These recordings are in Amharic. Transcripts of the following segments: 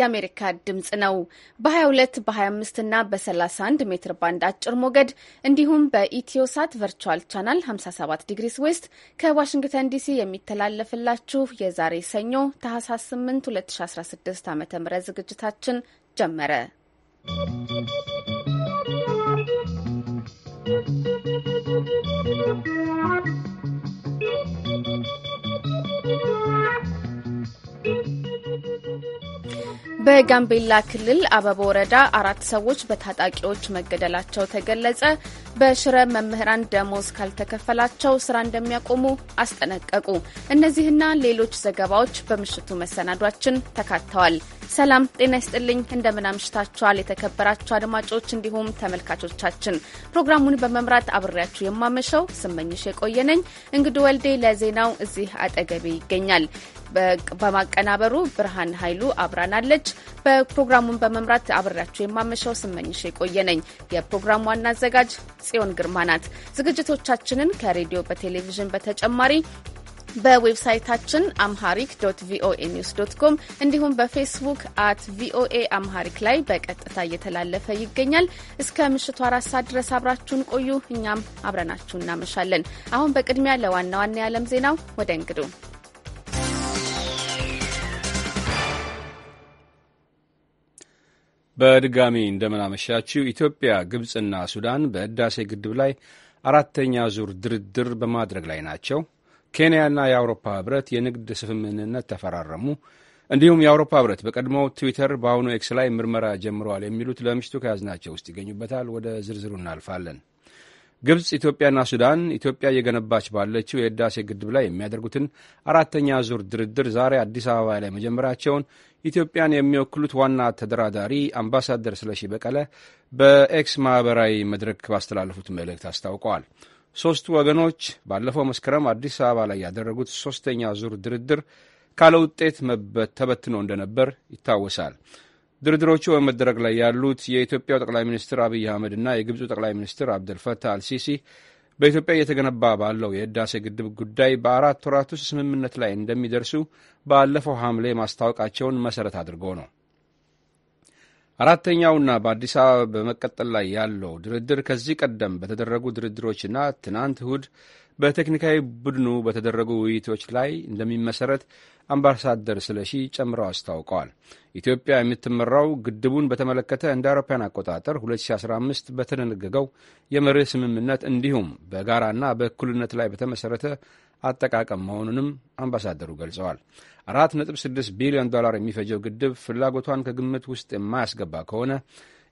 የአሜሪካ ድምፅ ነው። በ22 በ25 እና በ31 ሜትር ባንድ አጭር ሞገድ እንዲሁም በኢትዮሳት ቨርቹዋል ቻናል 57 ዲግሪስ ዌስት ከዋሽንግተን ዲሲ የሚተላለፍላችሁ የዛሬ ሰኞ ታህሳስ 8 2016 ዓ ም ዝግጅታችን ጀመረ። ¶¶ በጋምቤላ ክልል አበባ ወረዳ አራት ሰዎች በታጣቂዎች መገደላቸው ተገለጸ። በሽረ መምህራን ደሞዝ ካልተከፈላቸው ስራ እንደሚያቆሙ አስጠነቀቁ። እነዚህና ሌሎች ዘገባዎች በምሽቱ መሰናዷችን ተካተዋል። ሰላም ጤና ይስጥልኝ። እንደምን አምሽታችኋል? የተከበራችሁ አድማጮች እንዲሁም ተመልካቾቻችን ፕሮግራሙን በመምራት አብሬያችሁ የማመሸው ስመኝሽ የቆየነኝ። እንግዲህ ወልዴ ለዜናው እዚህ አጠገቤ ይገኛል። በማቀናበሩ ብርሃን ኃይሉ አብራናለች። በፕሮግራሙን በመምራት አብሬያችሁ የማመሻው ስመኝሽ የቆየ ነኝ። የፕሮግራሙ ዋና አዘጋጅ ጽዮን ግርማ ናት። ዝግጅቶቻችንን ከሬዲዮ በቴሌቪዥን በተጨማሪ በዌብሳይታችን አምሃሪክ ዶት ቪኦኤ ኒውስ ዶት ኮም እንዲሁም በፌስቡክ አት ቪኦኤ አምሃሪክ ላይ በቀጥታ እየተላለፈ ይገኛል። እስከ ምሽቱ አራት ሰዓት ድረስ አብራችሁን ቆዩ። እኛም አብረናችሁ እናመሻለን። አሁን በቅድሚያ ለዋና ዋና የዓለም ዜናው ወደ እንግዱ በድጋሚ እንደምናመሻችው ኢትዮጵያ፣ ግብፅና ሱዳን በህዳሴ ግድብ ላይ አራተኛ ዙር ድርድር በማድረግ ላይ ናቸው። ኬንያና የአውሮፓ ህብረት የንግድ ስምምነት ተፈራረሙ። እንዲሁም የአውሮፓ ህብረት በቀድሞው ትዊተር በአሁኑ ኤክስ ላይ ምርመራ ጀምረዋል የሚሉት ለምሽቱ ከያዝናቸው ውስጥ ይገኙበታል። ወደ ዝርዝሩ እናልፋለን። ግብጽ፣ ኢትዮጵያና ሱዳን ኢትዮጵያ እየገነባች ባለችው የህዳሴ ግድብ ላይ የሚያደርጉትን አራተኛ ዙር ድርድር ዛሬ አዲስ አበባ ላይ መጀመራቸውን ኢትዮጵያን የሚወክሉት ዋና ተደራዳሪ አምባሳደር ስለሺ በቀለ በኤክስ ማኅበራዊ መድረክ ባስተላለፉት መልእክት አስታውቀዋል። ሦስቱ ወገኖች ባለፈው መስከረም አዲስ አበባ ላይ ያደረጉት ሦስተኛ ዙር ድርድር ካለ ውጤት ተበትኖ እንደነበር ይታወሳል። ድርድሮቹ በመደረግ ላይ ያሉት የኢትዮጵያው ጠቅላይ ሚኒስትር አብይ አህመድ እና የግብፁ ጠቅላይ ሚኒስትር አብደልፈታህ አልሲሲ በኢትዮጵያ እየተገነባ ባለው የህዳሴ ግድብ ጉዳይ በአራት ወራት ውስጥ ስምምነት ላይ እንደሚደርሱ ባለፈው ሐምሌ ማስታወቃቸውን መሠረት አድርጎ ነው። አራተኛውና በአዲስ አበባ በመቀጠል ላይ ያለው ድርድር ከዚህ ቀደም በተደረጉ ድርድሮችና ትናንት እሁድ በቴክኒካዊ ቡድኑ በተደረጉ ውይይቶች ላይ እንደሚመሰረት አምባሳደር ስለሺ ጨምረው አስታውቀዋል። ኢትዮጵያ የምትመራው ግድቡን በተመለከተ እንደ አውሮፓውያን አቆጣጠር 2015 በተደነገገው የመርህ ስምምነት እንዲሁም በጋራና በእኩልነት ላይ በተመሰረተ አጠቃቀም መሆኑንም አምባሳደሩ ገልጸዋል። 4.6 ቢሊዮን ዶላር የሚፈጀው ግድብ ፍላጎቷን ከግምት ውስጥ የማያስገባ ከሆነ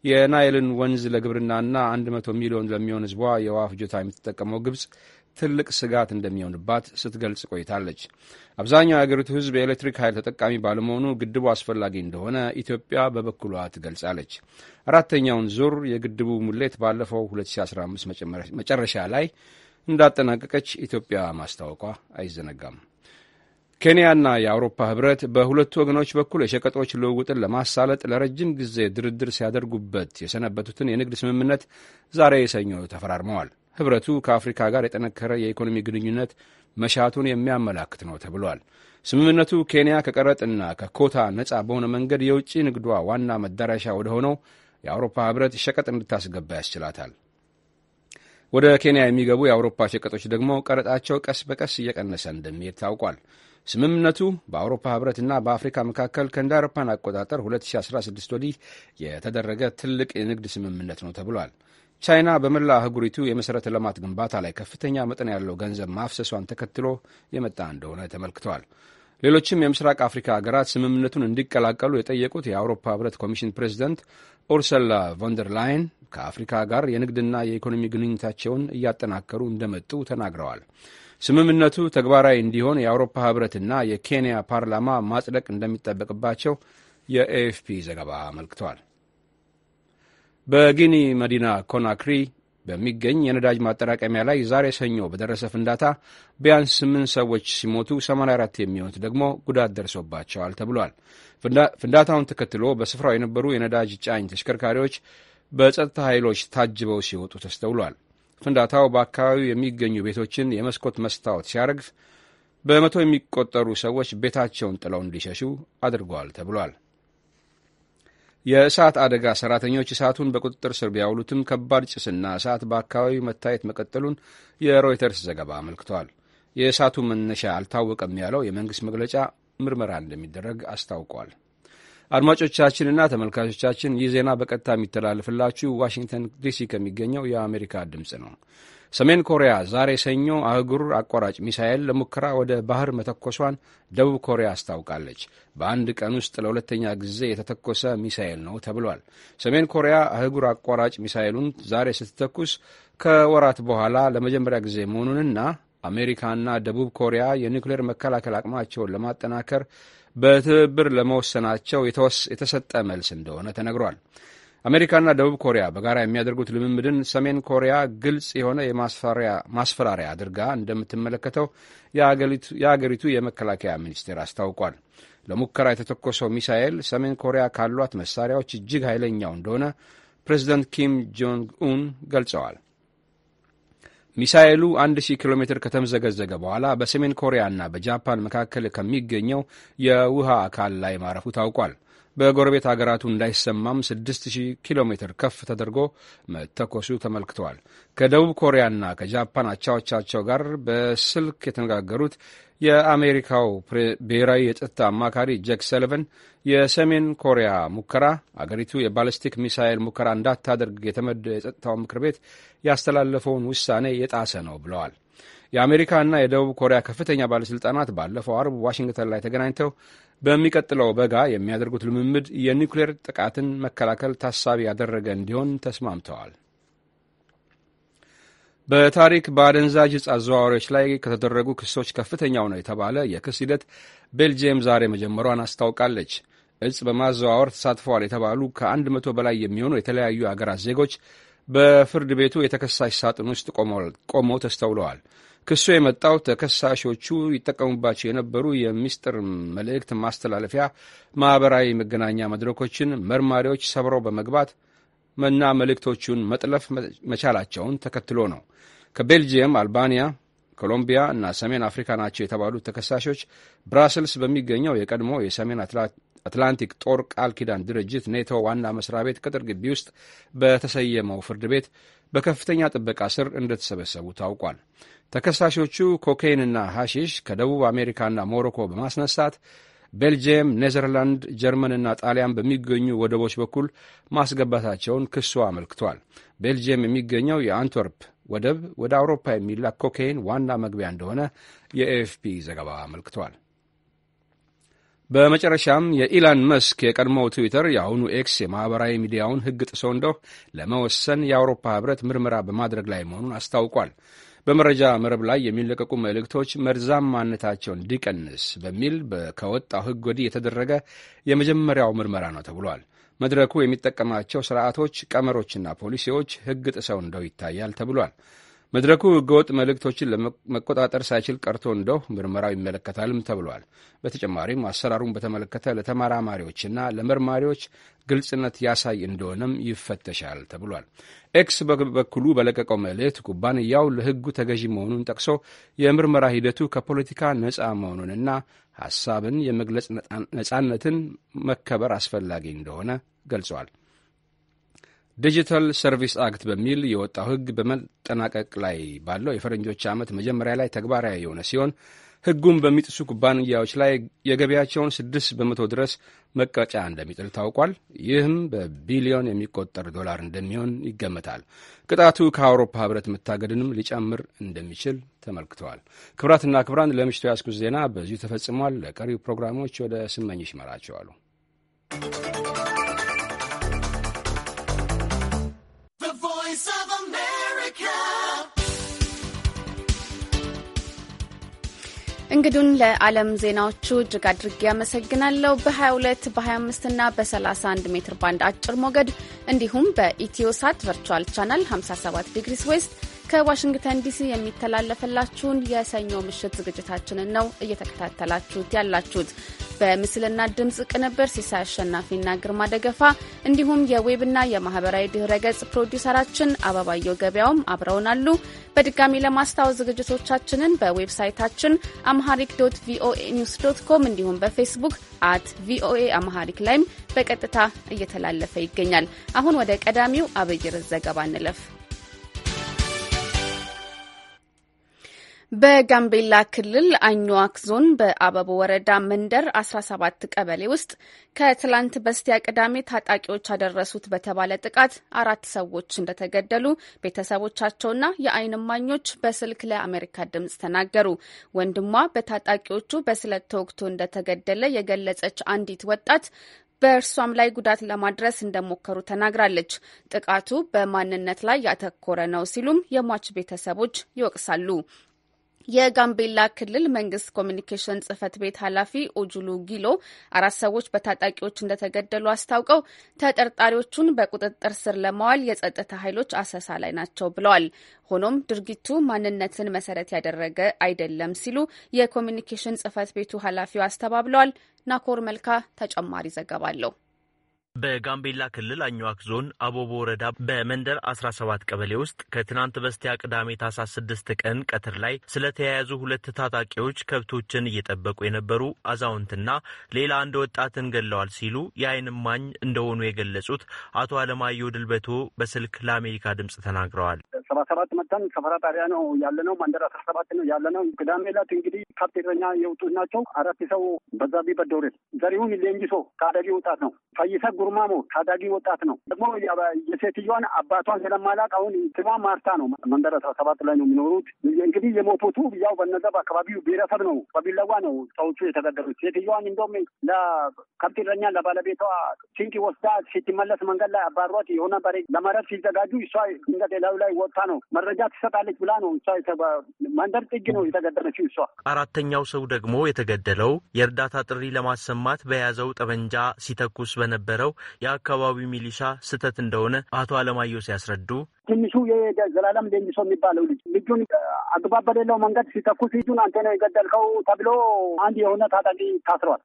የናይልን ወንዝ ለግብርናና 100 ሚሊዮን ለሚሆን ህዝቧ የውሃ ፍጆታ የምትጠቀመው ግብጽ ትልቅ ስጋት እንደሚሆንባት ስትገልጽ ቆይታለች። አብዛኛው የአገሪቱ ሕዝብ የኤሌክትሪክ ኃይል ተጠቃሚ ባለመሆኑ ግድቡ አስፈላጊ እንደሆነ ኢትዮጵያ በበኩሏ ትገልጻለች። አራተኛውን ዙር የግድቡ ሙሌት ባለፈው 2015 መጨረሻ ላይ እንዳጠናቀቀች ኢትዮጵያ ማስታወቋ አይዘነጋም። ኬንያና የአውሮፓ ህብረት በሁለቱ ወገኖች በኩል የሸቀጦች ልውውጥን ለማሳለጥ ለረጅም ጊዜ ድርድር ሲያደርጉበት የሰነበቱትን የንግድ ስምምነት ዛሬ የሰኞ ተፈራርመዋል። ህብረቱ ከአፍሪካ ጋር የጠነከረ የኢኮኖሚ ግንኙነት መሻቱን የሚያመላክት ነው ተብሏል። ስምምነቱ ኬንያ ከቀረጥና ከኮታ ነጻ በሆነ መንገድ የውጭ ንግዷ ዋና መዳረሻ ወደ ሆነው የአውሮፓ ህብረት ሸቀጥ እንድታስገባ ያስችላታል። ወደ ኬንያ የሚገቡ የአውሮፓ ሸቀጦች ደግሞ ቀረጣቸው ቀስ በቀስ እየቀነሰ እንደሚሄድ ታውቋል። ስምምነቱ በአውሮፓ ህብረትና በአፍሪካ መካከል ከእንደ አውሮፓን አቆጣጠር 2016 ወዲህ የተደረገ ትልቅ የንግድ ስምምነት ነው ተብሏል። ቻይና በመላ አህጉሪቱ የመሠረተ ልማት ግንባታ ላይ ከፍተኛ መጠን ያለው ገንዘብ ማፍሰሷን ተከትሎ የመጣ እንደሆነ ተመልክተዋል። ሌሎችም የምስራቅ አፍሪካ ሀገራት ስምምነቱን እንዲቀላቀሉ የጠየቁት የአውሮፓ ህብረት ኮሚሽን ፕሬዚደንት ኡርሰላ ቮንደር ላይን ከአፍሪካ ጋር የንግድና የኢኮኖሚ ግንኙነታቸውን እያጠናከሩ እንደመጡ ተናግረዋል። ስምምነቱ ተግባራዊ እንዲሆን የአውሮፓ ህብረትና የኬንያ ፓርላማ ማጽደቅ እንደሚጠበቅባቸው የኤኤፍፒ ዘገባ አመልክቷል። በጊኒ መዲና ኮናክሪ በሚገኝ የነዳጅ ማጠራቀሚያ ላይ ዛሬ ሰኞ በደረሰ ፍንዳታ ቢያንስ ስምንት ሰዎች ሲሞቱ 84 የሚሆኑት ደግሞ ጉዳት ደርሶባቸዋል ተብሏል። ፍንዳታውን ተከትሎ በስፍራው የነበሩ የነዳጅ ጫኝ ተሽከርካሪዎች በጸጥታ ኃይሎች ታጅበው ሲወጡ ተስተውሏል። ፍንዳታው በአካባቢው የሚገኙ ቤቶችን የመስኮት መስታወት ሲያረግፍ በመቶ የሚቆጠሩ ሰዎች ቤታቸውን ጥለው እንዲሸሹ አድርገዋል ተብሏል። የእሳት አደጋ ሰራተኞች እሳቱን በቁጥጥር ስር ቢያውሉትም ከባድ ጭስና እሳት በአካባቢው መታየት መቀጠሉን የሮይተርስ ዘገባ አመልክቷል። የእሳቱ መነሻ አልታወቀም ያለው የመንግሥት መግለጫ ምርመራ እንደሚደረግ አስታውቋል። አድማጮቻችንና ተመልካቾቻችን ይህ ዜና በቀጥታ የሚተላለፍላችሁ ዋሽንግተን ዲሲ ከሚገኘው የአሜሪካ ድምፅ ነው። ሰሜን ኮሪያ ዛሬ ሰኞ አህጉር አቋራጭ ሚሳኤል ለሙከራ ወደ ባህር መተኮሷን ደቡብ ኮሪያ አስታውቃለች። በአንድ ቀን ውስጥ ለሁለተኛ ጊዜ የተተኮሰ ሚሳኤል ነው ተብሏል። ሰሜን ኮሪያ አህጉር አቋራጭ ሚሳኤሉን ዛሬ ስትተኩስ ከወራት በኋላ ለመጀመሪያ ጊዜ መሆኑንና አሜሪካና ደቡብ ኮሪያ የኒውክሌር መከላከል አቅማቸውን ለማጠናከር በትብብር ለመወሰናቸው የተሰጠ መልስ እንደሆነ ተነግሯል። አሜሪካና ደቡብ ኮሪያ በጋራ የሚያደርጉት ልምምድን ሰሜን ኮሪያ ግልጽ የሆነ ማስፈራሪያ አድርጋ እንደምትመለከተው የአገሪቱ የመከላከያ ሚኒስቴር አስታውቋል። ለሙከራ የተተኮሰው ሚሳኤል ሰሜን ኮሪያ ካሏት መሳሪያዎች እጅግ ኃይለኛው እንደሆነ ፕሬዚደንት ኪም ጆንግ ኡን ገልጸዋል። ሚሳኤሉ 1000 ኪሎ ሜትር ከተመዘገዘገ በኋላ በሰሜን ኮሪያና በጃፓን መካከል ከሚገኘው የውሃ አካል ላይ ማረፉ ታውቋል። በጎረቤት አገራቱ እንዳይሰማም 6000 ኪሎ ሜትር ከፍ ተደርጎ መተኮሱ ተመልክተዋል። ከደቡብ ኮሪያና ከጃፓን አቻዎቻቸው ጋር በስልክ የተነጋገሩት የአሜሪካው ብሔራዊ የጸጥታ አማካሪ ጄክ ሰልቨን የሰሜን ኮሪያ ሙከራ አገሪቱ የባለስቲክ ሚሳይል ሙከራ እንዳታደርግ የተመድ የጸጥታው ምክር ቤት ያስተላለፈውን ውሳኔ የጣሰ ነው ብለዋል። የአሜሪካና የደቡብ ኮሪያ ከፍተኛ ባለሥልጣናት ባለፈው አርብ ዋሽንግተን ላይ ተገናኝተው በሚቀጥለው በጋ የሚያደርጉት ልምምድ የኒውክሌር ጥቃትን መከላከል ታሳቢ ያደረገ እንዲሆን ተስማምተዋል። በታሪክ በአደንዛዥ ዕፅ አዘዋዋሪዎች ላይ ከተደረጉ ክሶች ከፍተኛው ነው የተባለ የክስ ሂደት ቤልጅየም ዛሬ መጀመሯን አስታውቃለች። እጽ በማዘዋወር ተሳትፈዋል የተባሉ ከአንድ መቶ በላይ የሚሆኑ የተለያዩ አገራት ዜጎች በፍርድ ቤቱ የተከሳሽ ሳጥን ውስጥ ቆመው ተስተውለዋል። ክሱ የመጣው ተከሳሾቹ ይጠቀሙባቸው የነበሩ የሚስጥር መልእክት ማስተላለፊያ ማኅበራዊ መገናኛ መድረኮችን መርማሪዎች ሰብረው በመግባት መና መልእክቶቹን መጥለፍ መቻላቸውን ተከትሎ ነው። ከቤልጅየም፣ አልባንያ፣ ኮሎምቢያ እና ሰሜን አፍሪካ ናቸው የተባሉት ተከሳሾች ብራስልስ በሚገኘው የቀድሞ የሰሜን አትላንቲክ ጦር ቃል ኪዳን ድርጅት ኔቶ ዋና መስሪያ ቤት ቅጥር ግቢ ውስጥ በተሰየመው ፍርድ ቤት በከፍተኛ ጥበቃ ስር እንደተሰበሰቡ ታውቋል። ተከሳሾቹ ኮኬይንና ሐሺሽ ከደቡብ አሜሪካና ሞሮኮ በማስነሳት ቤልጅየም፣ ኔዘርላንድ፣ ጀርመንና ጣሊያን በሚገኙ ወደቦች በኩል ማስገባታቸውን ክሱ አመልክቷል። ቤልጅየም የሚገኘው የአንትወርፕ ወደብ ወደ አውሮፓ የሚላክ ኮኬይን ዋና መግቢያ እንደሆነ የኤኤፍፒ ዘገባ አመልክቷል። በመጨረሻም የኢላን መስክ የቀድሞው ትዊተር የአሁኑ ኤክስ የማኅበራዊ ሚዲያውን ሕግ ጥሶ እንደው ለመወሰን የአውሮፓ ኅብረት ምርመራ በማድረግ ላይ መሆኑን አስታውቋል። በመረጃ መረብ ላይ የሚለቀቁ መልእክቶች መርዛማነታቸውን እንዲቀንስ በሚል ከወጣው ሕግ ወዲህ የተደረገ የመጀመሪያው ምርመራ ነው ተብሏል። መድረኩ የሚጠቀማቸው ስርዓቶች፣ ቀመሮችና ፖሊሲዎች ሕግ ጥሰው እንደው ይታያል ተብሏል። መድረኩ ህገወጥ መልእክቶችን ለመቆጣጠር ሳይችል ቀርቶ እንደው ምርመራው ይመለከታልም ተብሏል። በተጨማሪም አሰራሩን በተመለከተ ለተመራማሪዎችና ለመርማሪዎች ግልጽነት ያሳይ እንደሆነም ይፈተሻል ተብሏል። ኤክስ በበኩሉ በለቀቀው መልእክት ኩባንያው ለህጉ ተገዢ መሆኑን ጠቅሶ የምርመራ ሂደቱ ከፖለቲካ ነፃ መሆኑንና ሀሳብን የመግለጽ ነፃነትን መከበር አስፈላጊ እንደሆነ ገልጿል። ዲጂታል ሰርቪስ አክት በሚል የወጣው ህግ በመጠናቀቅ ላይ ባለው የፈረንጆች ዓመት መጀመሪያ ላይ ተግባራዊ የሆነ ሲሆን ህጉም በሚጥሱ ኩባንያዎች ላይ የገቢያቸውን ስድስት በመቶ ድረስ መቀጫ እንደሚጥል ታውቋል። ይህም በቢሊዮን የሚቆጠር ዶላር እንደሚሆን ይገመታል። ቅጣቱ ከአውሮፓ ህብረት መታገድንም ሊጨምር እንደሚችል ተመልክተዋል። ክብራትና ክብራን ለምሽቱ ያስኩት ዜና በዚሁ ተፈጽሟል። ለቀሪው ፕሮግራሞች ወደ ስመኝሽ ይመራቸዋሉ። እንግዱን ለዓለም ዜናዎቹ እጅግ አድርጌ አመሰግናለሁ በ በ22 በ25 እና በ31 ሜትር ባንድ አጭር ሞገድ እንዲሁም በኢትዮሳት ቨርቹዋል ቻናል 57 ዲግሪስ ዌስት ከዋሽንግተን ዲሲ የሚተላለፈላችሁን የሰኞ ምሽት ዝግጅታችንን ነው እየተከታተላችሁት ያላችሁት። በምስልና ድምፅ ቅንብር ሲሳይ አሸናፊና ግርማ ደገፋ እንዲሁም የዌብና የማህበራዊ ድህረ ገጽ ፕሮዲውሰራችን አበባየው ገበያውም አብረውናሉ። በድጋሚ ለማስታወስ ዝግጅቶቻችንን በዌብሳይታችን አምሃሪክ ዶት ቪኦኤ ኒውስ ዶት ኮም እንዲሁም በፌስቡክ አት ቪኦኤ አምሃሪክ ላይም በቀጥታ እየተላለፈ ይገኛል። አሁን ወደ ቀዳሚው አብይር ዘገባ እንለፍ። በጋምቤላ ክልል አኝዋክ ዞን በአበቦ ወረዳ መንደር 17 ቀበሌ ውስጥ ከትላንት በስቲያ ቅዳሜ ታጣቂዎች ያደረሱት በተባለ ጥቃት አራት ሰዎች እንደተገደሉ ቤተሰቦቻቸውና የአይን እማኞች በስልክ ለአሜሪካ ድምጽ ተናገሩ። ወንድሟ በታጣቂዎቹ በስለት ተወግቶ እንደተገደለ የገለጸች አንዲት ወጣት በእርሷም ላይ ጉዳት ለማድረስ እንደሞከሩ ተናግራለች። ጥቃቱ በማንነት ላይ ያተኮረ ነው ሲሉም የሟች ቤተሰቦች ይወቅሳሉ። የጋምቤላ ክልል መንግስት ኮሚኒኬሽን ጽህፈት ቤት ኃላፊ ኦጁሉ ጊሎ አራት ሰዎች በታጣቂዎች እንደተገደሉ አስታውቀው ተጠርጣሪዎቹን በቁጥጥር ስር ለማዋል የጸጥታ ኃይሎች አሰሳ ላይ ናቸው ብለዋል። ሆኖም ድርጊቱ ማንነትን መሰረት ያደረገ አይደለም ሲሉ የኮሚኒኬሽን ጽህፈት ቤቱ ኃላፊው አስተባብለዋል። ናኮር መልካ ተጨማሪ ዘገባ አለው። በጋምቤላ ክልል አኝዋክ ዞን አቦቦ ወረዳ በመንደር 17 ቀበሌ ውስጥ ከትናንት በስቲያ ቅዳሜ ታህሳስ 6 ቀን ቀትር ላይ ስለተያያዙ ሁለት ታጣቂዎች ከብቶችን እየጠበቁ የነበሩ አዛውንትና ሌላ አንድ ወጣትን ገለዋል ሲሉ የአይን እማኝ እንደሆኑ የገለጹት አቶ አለማየሁ ድልበቶ በስልክ ለአሜሪካ ድምፅ ተናግረዋል። ሰባ ሰባት መተን ሰፈራ ጣቢያ ነው ያለ ነው። መንደር አስራ ሰባት ነው ያለ ነው። ቅዳሜ ዕለት እንግዲህ ካፕቴተኛ የውጡ ናቸው። አራት ሰው በዛ ቢበደውሬት ዘሪሁን ሌንጂሶ ከአደቢ ውጣት ነው ፈይሰ ጉሮ ኡርማሞ ታዳጊ ወጣት ነው። ደግሞ የሴትዮዋን አባቷን ስለማላቅ አሁን ስሟ ማርታ ነው። መንደረ ሰባት ላይ ነው የሚኖሩት። እንግዲህ የሞቱቱ ያው በነዛ በአካባቢው ብሔረሰብ ነው፣ በቢለዋ ነው ሰዎቹ የተገደሉት። ሴትዮዋን እንደውም ለከብት እረኛ ለባለቤቷ ሲንቅ ወስዳ ስትመለስ መንገድ ላይ አባሯት የሆነ በሬ ለመረድ ሲዘጋጁ እሷ ድንገት ላዩ ላይ ወጥታ ነው መረጃ ትሰጣለች ብላ ነው እሷ መንደር ጥግ ነው የተገደለችው እሷ። አራተኛው ሰው ደግሞ የተገደለው የእርዳታ ጥሪ ለማሰማት በያዘው ጠመንጃ ሲተኩስ በነበረው የአካባቢው ሚሊሻ ስህተት እንደሆነ አቶ አለማየሁ ሲያስረዱ ትንሹ የዘላለም ደንጅሶ የሚባለው ልጅ ልጁን አግባብ በሌለው መንገድ ሲተኩስ ልጁን አንተ ነው የገደልከው ተብሎ አንድ የሆነ ታጣቂ ታስሯል።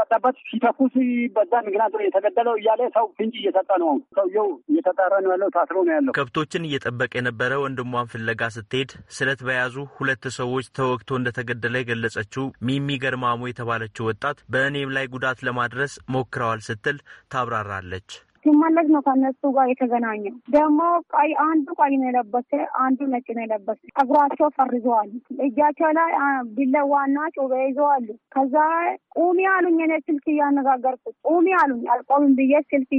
ቀጠበት ሲተኩስ በዛ ምክንያቱ የተገደለው እያለ ሰው ፍንጭ እየሰጠ ነው። ሰውየው እየተጣራ ነው ያለው፣ ታስሮ ነው ያለው። ከብቶችን እየጠበቀ የነበረ ወንድሟን ፍለጋ ስትሄድ ስለት በያዙ ሁለት ሰዎች ተወግቶ እንደተገደለ የገለጸችው ሚሚ ገርማሞ የተባለችው ወጣት በእኔም ላይ ጉዳት ለማድረስ ሞክረዋል ስትል ታብራራለች። ሲመለስ ነው ከነሱ ጋር የተገናኘው። ደግሞ ቀይ አንዱ ቀይ ነው የለበሰ፣ አንዱ ነጭ ነው የለበሰ። ጸጉራቸው ፈርዘዋል። እጃቸው ላይ ቢለዋና ጩቤ ይዘዋሉ። ከዛ ቁሚ አሉኝ። እኔ ስልክ እያነጋገርኩት ቁሚ አሉኝ። አልቆምም ብዬ ስልክ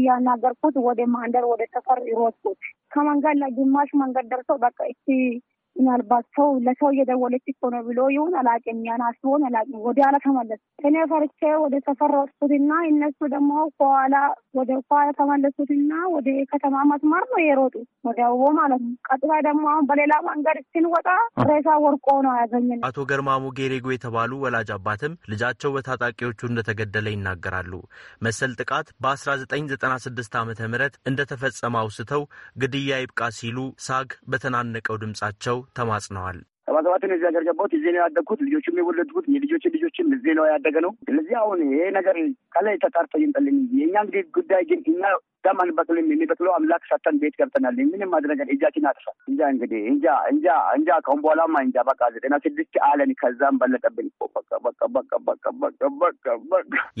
እያናገርኩት ወደ ማንደር ወደ ሰፈር ይሮጥኩት ከመንገድ ላይ ግማሽ መንገድ ደርሰው በቃ እስቲ ምናልባት ሰው ለሰው እየደወለች እኮ ነው ብሎ ይሁን አላውቅም። ያን አስቦን አላውቅም። ኋላ ተመለሱ። እኔ ፈርቼ ወደ ሰፈር ወጥኩትና እነሱ ደግሞ ከኋላ ወደ ኋላ ተመለሱትና ወደ ከተማ መስማር ነው የሮጡ ወደ አቦ ማለት ነው። ቀጥታ ደግሞ አሁን በሌላ መንገድ ስንወጣ ሬሳ ወርቆ ነው ያገኘን። አቶ ገርማሙ ጌሬጎ የተባሉ ወላጅ አባትም ልጃቸው በታጣቂዎቹ እንደተገደለ ይናገራሉ። መሰል ጥቃት በ1996 ዓ ም እንደተፈጸመ አውስተው ግድያ ይብቃ ሲሉ ሳግ በተናነቀው ድምጻቸው ተማጽነዋል ሰባ ሰባት ነው እዚህ ሀገር ገባሁት። እዚህ ነው ያደግኩት። ልጆችም የወለድኩት የልጆች ልጆችም እዚህ ነው ያደገ ነው። ስለዚህ አሁን ይሄ ነገር ከላይ ተጣርቶ ይምጠልኝ። የእኛን ጉዳይ ግን እኛ ደም አንበቅልም። የሚበቅለው አምላክ ሰተን ቤት ገብተናል። ምንም ማድረግ እጃችን አጥፋ እንጃ እንግዲህ እንጃ እንጃ እንጃ ከሁን በኋላማ እንጃ በቃ ዘጠና ስድስት አለን። ከዛም በለጠብን።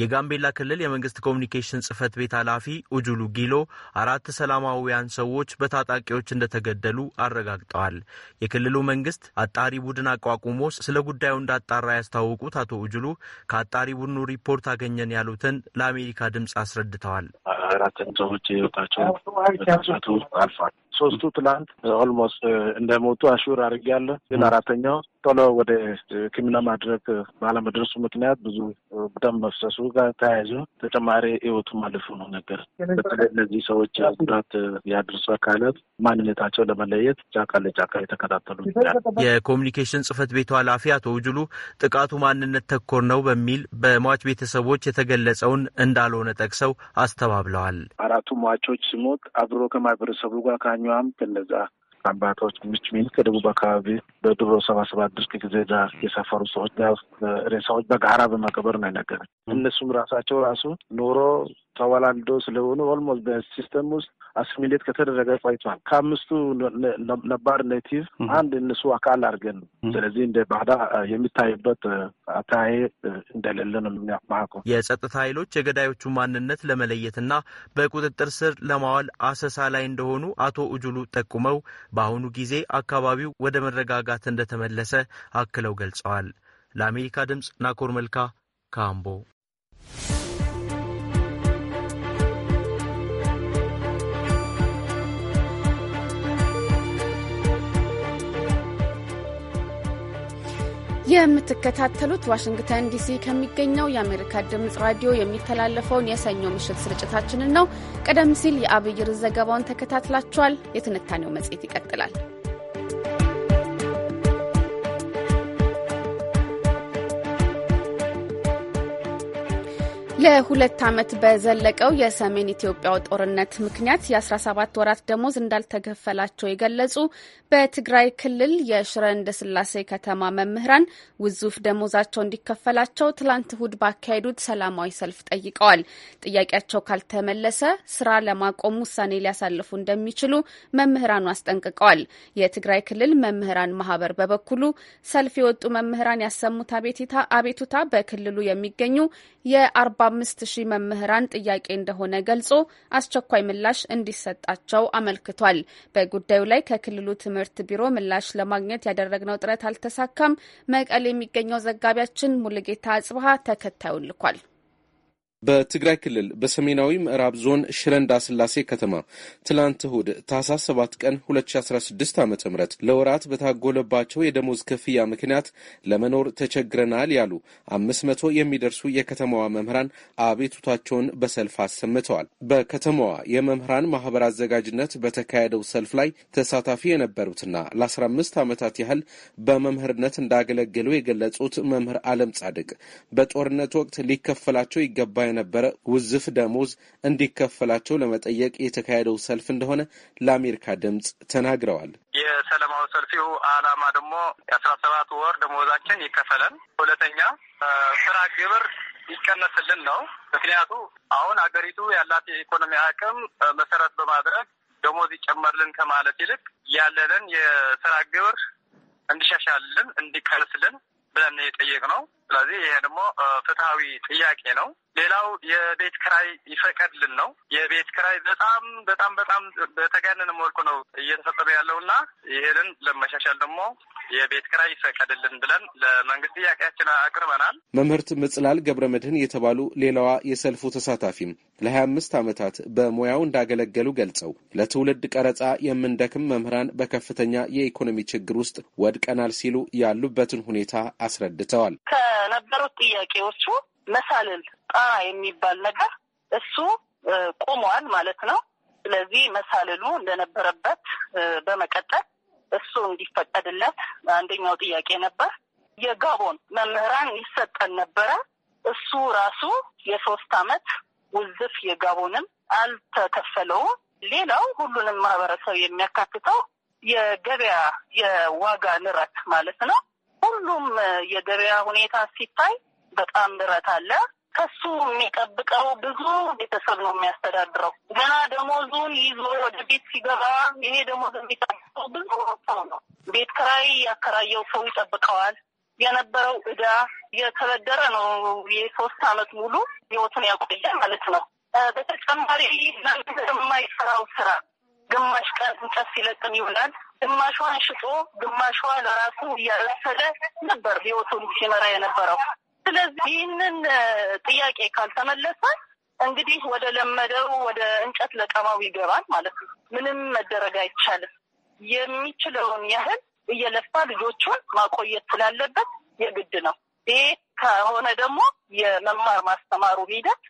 የጋምቤላ ክልል የመንግስት ኮሚኒኬሽን ጽህፈት ቤት ኃላፊ ኡጁሉ ጊሎ አራት ሰላማዊያን ሰዎች በታጣቂዎች እንደተገደሉ አረጋግጠዋል። የክልሉ መንግስት አጣ አጣሪ ቡድን አቋቁሞ ስለ ጉዳዩ እንዳጣራ ያስታወቁት አቶ እጅሉ ከአጣሪ ቡድኑ ሪፖርት አገኘን ያሉትን ለአሜሪካ ድምፅ አስረድተዋል። ሰዎች ህይወታቸው አልፏል። ሶስቱ ትላንት ኦልሞስት እንደሞቱ አሹር አድርጌያለሁ። ግን አራተኛው ቶሎ ወደ ሕክምና ማድረግ ባለመድረሱ ምክንያት ብዙ ደም መፍሰሱ ጋር ተያይዞ ተጨማሪ ህይወቱ ማለፉ ነው ነገር። በተለይ እነዚህ ሰዎች ጉዳት ያደረሱ አካላት ማንነታቸው ለመለየት ጫካ ለጫካ የተከታተሉ የኮሚኒኬሽን ጽህፈት ቤቱ ኃላፊ አቶ ውጅሉ ጥቃቱ ማንነት ተኮር ነው በሚል በሟች ቤተሰቦች የተገለጸውን እንዳልሆነ ጠቅሰው አስተባብለዋል። አራቱ ሟቾች ሲሞት አብሮ ከማህበረሰቡ ጋር አገናኘዋም ከነዛ አባቶች ምች ሚል ከደቡብ አካባቢ በድሮ ሰባ ሰባት ድርቅ ጊዜ ዛ የሰፈሩ ሰዎች ሬሳዎች በጋራ በመቀበር ነው የነገረኝ። እነሱም ራሳቸው ራሱ ኖሮ ተወላልዶ ስለሆኑ ኦልሞስት በሲስተም ውስጥ አስሚሌት ከተደረገ ቆይቷል። ከአምስቱ ነባር ኔቲቭ አንድ እነሱ አካል አድርገን ነው። ስለዚህ እንደ ባዳ የሚታይበት አታዬ እንደሌለ ነው የሚያማቁ የጸጥታ ኃይሎች የገዳዮቹ ማንነት ለመለየትና በቁጥጥር ስር ለማዋል አሰሳ ላይ እንደሆኑ አቶ እጁሉ ጠቁመው በአሁኑ ጊዜ አካባቢው ወደ መረጋጋት እንደተመለሰ አክለው ገልጸዋል። ለአሜሪካ ድምፅ ናኮር መልካ ካምቦ የምትከታተሉት ዋሽንግተን ዲሲ ከሚገኘው የአሜሪካ ድምፅ ራዲዮ የሚተላለፈውን የሰኞ ምሽት ስርጭታችንን ነው። ቀደም ሲል የአብይር ዘገባውን ተከታትላችኋል። የትንታኔው መጽሔት ይቀጥላል። ለሁለት ዓመት በዘለቀው የሰሜን ኢትዮጵያው ጦርነት ምክንያት የ17 ወራት ደሞዝ እንዳልተከፈላቸው የገለጹ በትግራይ ክልል የሽረ እንደስላሴ ከተማ መምህራን ውዙፍ ደሞዛቸው እንዲከፈላቸው ትላንት እሁድ ባካሄዱት ሰላማዊ ሰልፍ ጠይቀዋል። ጥያቄያቸው ካልተመለሰ ስራ ለማቆም ውሳኔ ሊያሳልፉ እንደሚችሉ መምህራኑ አስጠንቅቀዋል። የትግራይ ክልል መምህራን ማህበር በበኩሉ ሰልፍ የወጡ መምህራን ያሰሙት አቤቱታ በክልሉ የሚገኙ የ45 ሺህ መምህራን ጥያቄ እንደሆነ ገልጾ አስቸኳይ ምላሽ እንዲሰጣቸው አመልክቷል። በጉዳዩ ላይ ከክልሉ ትምህርት ቢሮ ምላሽ ለማግኘት ያደረግነው ጥረት አልተሳካም። መቀሌ የሚገኘው ዘጋቢያችን ሙልጌታ አጽብሃ ተከታዩን ልኳል። በትግራይ ክልል በሰሜናዊ ምዕራብ ዞን ሽረ እንዳስላሴ ከተማ ትላንት እሁድ ታህሳስ 7 ቀን 2016 ዓ ም ለወራት በታጎለባቸው የደሞዝ ክፍያ ምክንያት ለመኖር ተቸግረናል ያሉ 500 የሚደርሱ የከተማዋ መምህራን አቤቱታቸውን በሰልፍ አሰምተዋል። በከተማዋ የመምህራን ማህበር አዘጋጅነት በተካሄደው ሰልፍ ላይ ተሳታፊ የነበሩትና ለ15 ዓመታት ያህል በመምህርነት እንዳገለገሉ የገለጹት መምህር አለም ጻድቅ በጦርነት ወቅት ሊከፈላቸው ይገባ ስለነበረ ውዝፍ ደሞዝ እንዲከፈላቸው ለመጠየቅ የተካሄደው ሰልፍ እንደሆነ ለአሜሪካ ድምፅ ተናግረዋል። የሰላማዊ ሰልፊው ዓላማ ደግሞ የአስራ ሰባት ወር ደሞዛችን ይከፈለን፣ ሁለተኛ ስራ ግብር ይቀነስልን ነው። ምክንያቱ አሁን አገሪቱ ያላት የኢኮኖሚ አቅም መሰረት በማድረግ ደሞዝ ይጨመርልን ከማለት ይልቅ ያለንን የስራ ግብር እንዲሻሻልልን እንዲቀንስልን ብለን የጠየቅ ነው። ስለዚህ ይሄ ደግሞ ፍትሐዊ ጥያቄ ነው። ሌላው የቤት ክራይ ይፈቀድልን ነው። የቤት ክራይ በጣም በጣም በጣም በተጋነነ መልኩ ነው እየተፈጸመ ያለው እና ይሄንን ለመሻሻል ደግሞ የቤት ክራይ ይፈቀድልን ብለን ለመንግስት ጥያቄያችን አቅርበናል። መምህርት ምጽላል ገብረ መድህን የተባሉ ሌላዋ የሰልፉ ተሳታፊም ለሀያ አምስት ዓመታት በሙያው እንዳገለገሉ ገልጸው ለትውልድ ቀረጻ የምንደክም መምህራን በከፍተኛ የኢኮኖሚ ችግር ውስጥ ወድቀናል ሲሉ ያሉበትን ሁኔታ አስረድተዋል። ከነበሩት ጥያቄዎቹ መሳልል ጣራ የሚባል ነገር እሱ ቆሟል ማለት ነው። ስለዚህ መሳልሉ እንደነበረበት በመቀጠል እሱ እንዲፈቀድለት አንደኛው ጥያቄ ነበር። የጋቦን መምህራን ይሰጠን ነበረ። እሱ ራሱ የሶስት አመት ውዝፍ የጋቦንም አልተከፈለውም። ሌላው ሁሉንም ማህበረሰብ የሚያካትተው የገበያ የዋጋ ንረት ማለት ነው። ሁሉም የገበያ ሁኔታ ሲታይ በጣም ንረት አለ። ከሱ የሚጠብቀው ብዙ ቤተሰብ ነው የሚያስተዳድረው። ገና ደሞዙን ይዞ ወደ ቤት ሲገባ ይሄ ደሞዝ የሚጠብቀው ብዙ ሰው ነው። ቤት ክራይ ያከራየው ሰው ይጠብቀዋል። የነበረው እዳ የተበደረ ነው። የሶስት አመት ሙሉ ህይወቱን ያቆየ ማለት ነው። በተጨማሪ የማይሰራው ስራ ግማሽ ቀን እንጨት ሲለቅም ይውላል። ግማሿን ሽጦ ግማሿን ራሱ እያበሰለ ነበር ህይወቱን ሲመራ የነበረው። ስለዚህ ይህንን ጥያቄ ካልተመለሰ እንግዲህ ወደ ለመደው ወደ እንጨት ለቀማው ይገባል ማለት ነው። ምንም መደረግ አይቻልም። የሚችለውን ያህል እየለፋ ልጆቹን ማቆየት ስላለበት የግድ ነው። ይሄ ከሆነ ደግሞ የመማር ማስተማሩ ሂደት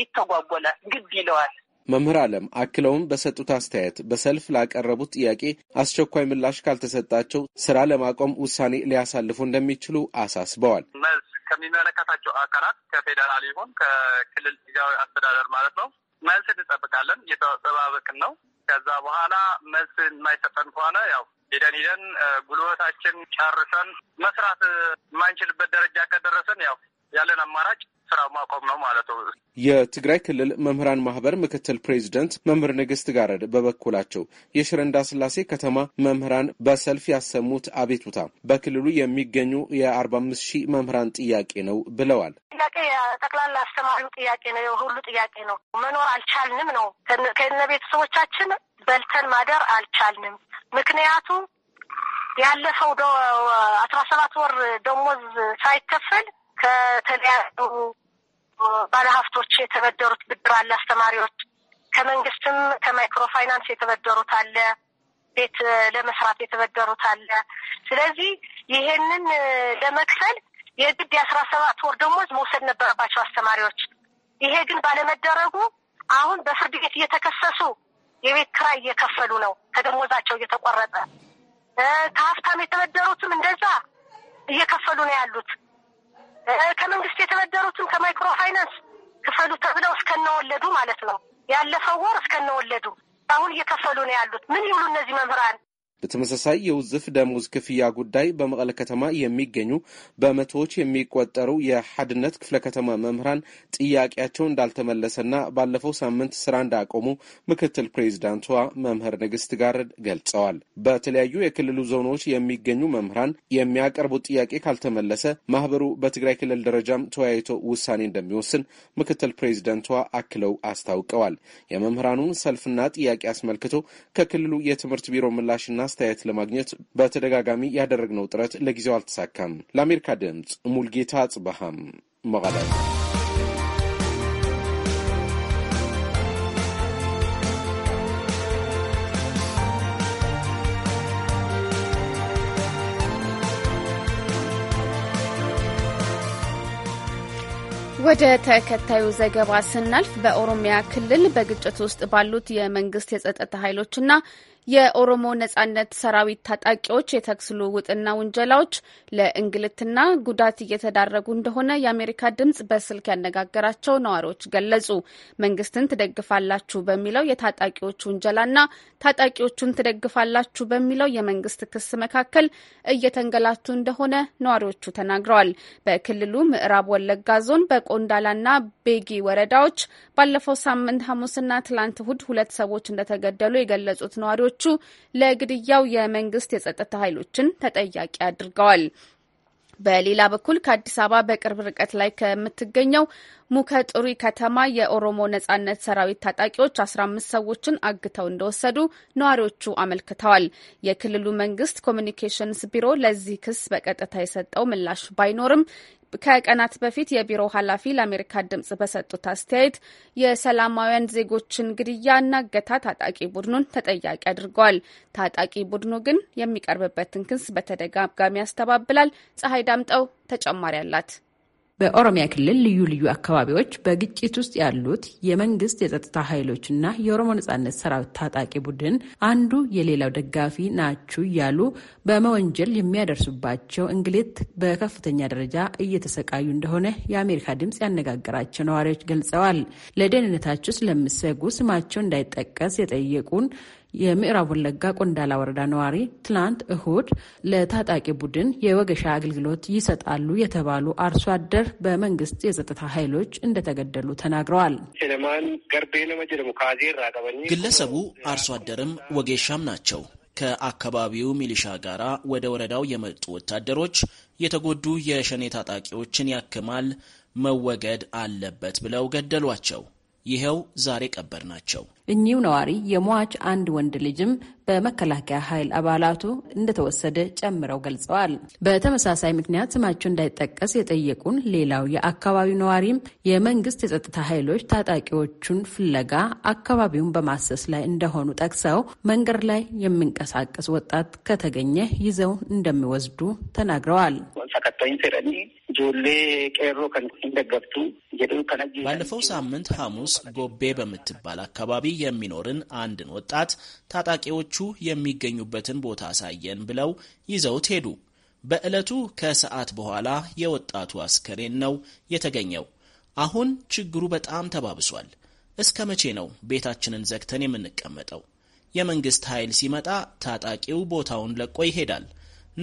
ይተጓጎላል፣ ግድ ይለዋል። መምህር አለም አክለውም በሰጡት አስተያየት በሰልፍ ላቀረቡት ጥያቄ አስቸኳይ ምላሽ ካልተሰጣቸው ስራ ለማቆም ውሳኔ ሊያሳልፉ እንደሚችሉ አሳስበዋል። መልስ ከሚመለከታቸው አካላት ከፌዴራል ይሁን ከክልል ጊዜያዊ አስተዳደር ማለት ነው መልስ እንጠብቃለን። የተጠባበቅን ነው። ከዛ በኋላ መልስ የማይሰጠን ከሆነ ያው ሄደን ሄደን ጉልበታችን ጨርሰን መስራት የማንችልበት ደረጃ ከደረሰን ያው ያለን አማራጭ ስራ ማቆም ነው ማለት ነው። የትግራይ ክልል መምህራን ማህበር ምክትል ፕሬዚደንት መምህር ንግስት ጋረድ በበኩላቸው የሽረ እንዳስላሴ ከተማ መምህራን በሰልፍ ያሰሙት አቤቱታ በክልሉ የሚገኙ የአርባ አምስት ሺህ መምህራን ጥያቄ ነው ብለዋል። ጥያቄ ጠቅላላ አስተማሪው ጥያቄ ነው፣ የሁሉ ጥያቄ ነው። መኖር አልቻልንም ነው። ከነ ቤተሰቦቻችን በልተን ማደር አልቻልንም። ምክንያቱ ያለፈው አስራ ሰባት ወር ደሞዝ ሳይከፈል ከተለያዩ ባለሀብቶች የተበደሩት ብድር አለ። አስተማሪዎች ከመንግስትም ከማይክሮ ፋይናንስ የተበደሩት አለ። ቤት ለመስራት የተበደሩት አለ። ስለዚህ ይሄንን ለመክፈል የግድ የአስራ ሰባት ወር ደሞዝ መውሰድ ነበረባቸው አስተማሪዎች። ይሄ ግን ባለመደረጉ አሁን በፍርድ ቤት እየተከሰሱ የቤት ክራይ እየከፈሉ ነው፣ ከደሞዛቸው እየተቆረጠ ከሀብታም የተበደሩትም እንደዛ እየከፈሉ ነው ያሉት። ከመንግስት የተበደሩትም ከማይክሮ ፋይናንስ ክፈሉ ተብለው እስከነወለዱ ማለት ነው። ያለፈው ወር እስከነወለዱ አሁን እየከፈሉ ነው ያሉት። ምን ይሉ እነዚህ መምህራን? በተመሳሳይ የውዝፍ ደሞዝ ክፍያ ጉዳይ በመቀለ ከተማ የሚገኙ በመቶዎች የሚቆጠሩ የሓድነት ክፍለ ከተማ መምህራን ጥያቄያቸው እንዳልተመለሰና ባለፈው ሳምንት ስራ እንዳቆሙ ምክትል ፕሬዚዳንቷ መምህር ንግስት ጋር ገልጸዋል። በተለያዩ የክልሉ ዞኖች የሚገኙ መምህራን የሚያቀርቡት ጥያቄ ካልተመለሰ ማህበሩ በትግራይ ክልል ደረጃም ተወያይቶ ውሳኔ እንደሚወስን ምክትል ፕሬዚዳንቷ አክለው አስታውቀዋል። የመምህራኑን ሰልፍና ጥያቄ አስመልክቶ ከክልሉ የትምህርት ቢሮ ምላሽና አስተያየት ለማግኘት በተደጋጋሚ ያደረግነው ጥረት ለጊዜው አልተሳካም። ለአሜሪካ ድምፅ ሙልጌታ ጽበሃም መቀለ። ወደ ተከታዩ ዘገባ ስናልፍ በኦሮሚያ ክልል በግጭት ውስጥ ባሉት የመንግስት የጸጥታ ኃይሎችና የኦሮሞ ነጻነት ሰራዊት ታጣቂዎች የተኩስ ልውውጥና ውንጀላዎች ለእንግልትና ጉዳት እየተዳረጉ እንደሆነ የአሜሪካ ድምጽ በስልክ ያነጋገራቸው ነዋሪዎች ገለጹ። መንግስትን ትደግፋላችሁ በሚለው የታጣቂዎች ውንጀላና ታጣቂዎቹን ትደግፋላችሁ በሚለው የመንግስት ክስ መካከል እየተንገላቱ እንደሆነ ነዋሪዎቹ ተናግረዋል። በክልሉ ምዕራብ ወለጋ ዞን በቆንዳላና ቤጊ ወረዳዎች ባለፈው ሳምንት ሐሙስና ትላንት እሁድ ሁለት ሰዎች እንደተገደሉ የገለጹት ነዋሪዎች ኃላፊዎቹ ለግድያው የመንግስት የጸጥታ ኃይሎችን ተጠያቂ አድርገዋል። በሌላ በኩል ከአዲስ አበባ በቅርብ ርቀት ላይ ከምትገኘው ሙከ ጡሪ ከተማ የኦሮሞ ነጻነት ሰራዊት ታጣቂዎች አስራ አምስት ሰዎችን አግተው እንደወሰዱ ነዋሪዎቹ አመልክተዋል። የክልሉ መንግስት ኮሚኒኬሽንስ ቢሮ ለዚህ ክስ በቀጥታ የሰጠው ምላሽ ባይኖርም ከቀናት በፊት የቢሮ ኃላፊ ለአሜሪካ ድምጽ በሰጡት አስተያየት የሰላማውያን ዜጎችን እና እገታ ታጣቂ ቡድኑን ተጠያቂ አድርገዋል። ታጣቂ ቡድኑ ግን የሚቀርብበትን ክስ በተደጋጋሚ ያስተባብላል። ፀሐይ ዳምጠው ተጨማሪ አላት። በኦሮሚያ ክልል ልዩ ልዩ አካባቢዎች በግጭት ውስጥ ያሉት የመንግስት የጸጥታ ኃይሎችና የኦሮሞ ነጻነት ሰራዊት ታጣቂ ቡድን አንዱ የሌላው ደጋፊ ናችሁ እያሉ በመወንጀል የሚያደርሱባቸው እንግልት በከፍተኛ ደረጃ እየተሰቃዩ እንደሆነ የአሜሪካ ድምፅ ያነጋገራቸው ነዋሪዎች ገልጸዋል። ለደህንነታቸው ስለሚሰጉ ስማቸው እንዳይጠቀስ የጠየቁን የምዕራብ ወለጋ ቆንዳላ ወረዳ ነዋሪ ትላንት እሁድ ለታጣቂ ቡድን የወገሻ አገልግሎት ይሰጣሉ የተባሉ አርሶ አደር በመንግስት የጸጥታ ኃይሎች እንደተገደሉ ተናግረዋል። ግለሰቡ አርሶ አደርም ወጌሻም ናቸው። ከአካባቢው ሚሊሻ ጋር ወደ ወረዳው የመጡ ወታደሮች የተጎዱ የሸኔ ታጣቂዎችን ያክማል መወገድ አለበት ብለው ገደሏቸው። ይኸው ዛሬ ቀበር ናቸው። እኚው ነዋሪ የሟች አንድ ወንድ ልጅም በመከላከያ ኃይል አባላቱ እንደተወሰደ ጨምረው ገልጸዋል። በተመሳሳይ ምክንያት ስማቸው እንዳይጠቀስ የጠየቁን ሌላው የአካባቢው ነዋሪም የመንግስት የጸጥታ ኃይሎች ታጣቂዎቹን ፍለጋ አካባቢውን በማሰስ ላይ እንደሆኑ ጠቅሰው መንገድ ላይ የሚንቀሳቀስ ወጣት ከተገኘ ይዘው እንደሚወስዱ ተናግረዋል። ባለፈው ሳምንት ሐሙስ ጎቤ በምትባል አካባቢ የሚኖርን አንድን ወጣት ታጣቂዎቹ የሚገኙበትን ቦታ አሳየን ብለው ይዘውት ሄዱ። በዕለቱ ከሰዓት በኋላ የወጣቱ አስከሬን ነው የተገኘው። አሁን ችግሩ በጣም ተባብሷል። እስከ መቼ ነው ቤታችንን ዘግተን የምንቀመጠው? የመንግስት ኃይል ሲመጣ ታጣቂው ቦታውን ለቆ ይሄዳል።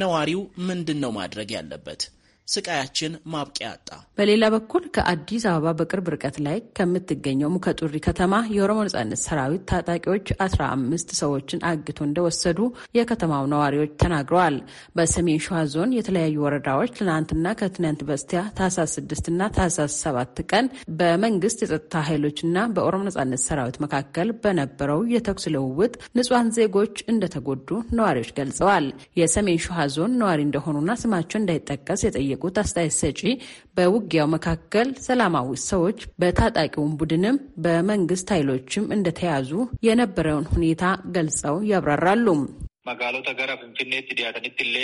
ነዋሪው ምንድን ነው ማድረግ ያለበት? ስቃያችን ማብቂያ አጣ። በሌላ በኩል ከአዲስ አበባ በቅርብ ርቀት ላይ ከምትገኘው ሙከጡሪ ከተማ የኦሮሞ ነጻነት ሰራዊት ታጣቂዎች አስራ አምስት ሰዎችን አግቶ እንደወሰዱ የከተማው ነዋሪዎች ተናግረዋል። በሰሜን ሸዋ ዞን የተለያዩ ወረዳዎች ትናንትና ከትናንት በስቲያ ታህሳስ ስድስት እና ታህሳስ ሰባት ቀን በመንግስት የጸጥታ ኃይሎች እና በኦሮሞ ነጻነት ሰራዊት መካከል በነበረው የተኩስ ልውውጥ ንጹሐን ዜጎች እንደተጎዱ ነዋሪዎች ገልጸዋል። የሰሜን ሸዋ ዞን ነዋሪ እንደሆኑና ስማቸው እንዳይጠቀስ የጠየቁ የጠየቁት አስተያየት ሰጪ በውጊያው መካከል ሰላማዊ ሰዎች በታጣቂውን ቡድንም በመንግስት ኃይሎችም እንደተያዙ የነበረውን ሁኔታ ገልጸው ያብራራሉ። ገራ ፍንፍኔት ዲያተኒት ሌ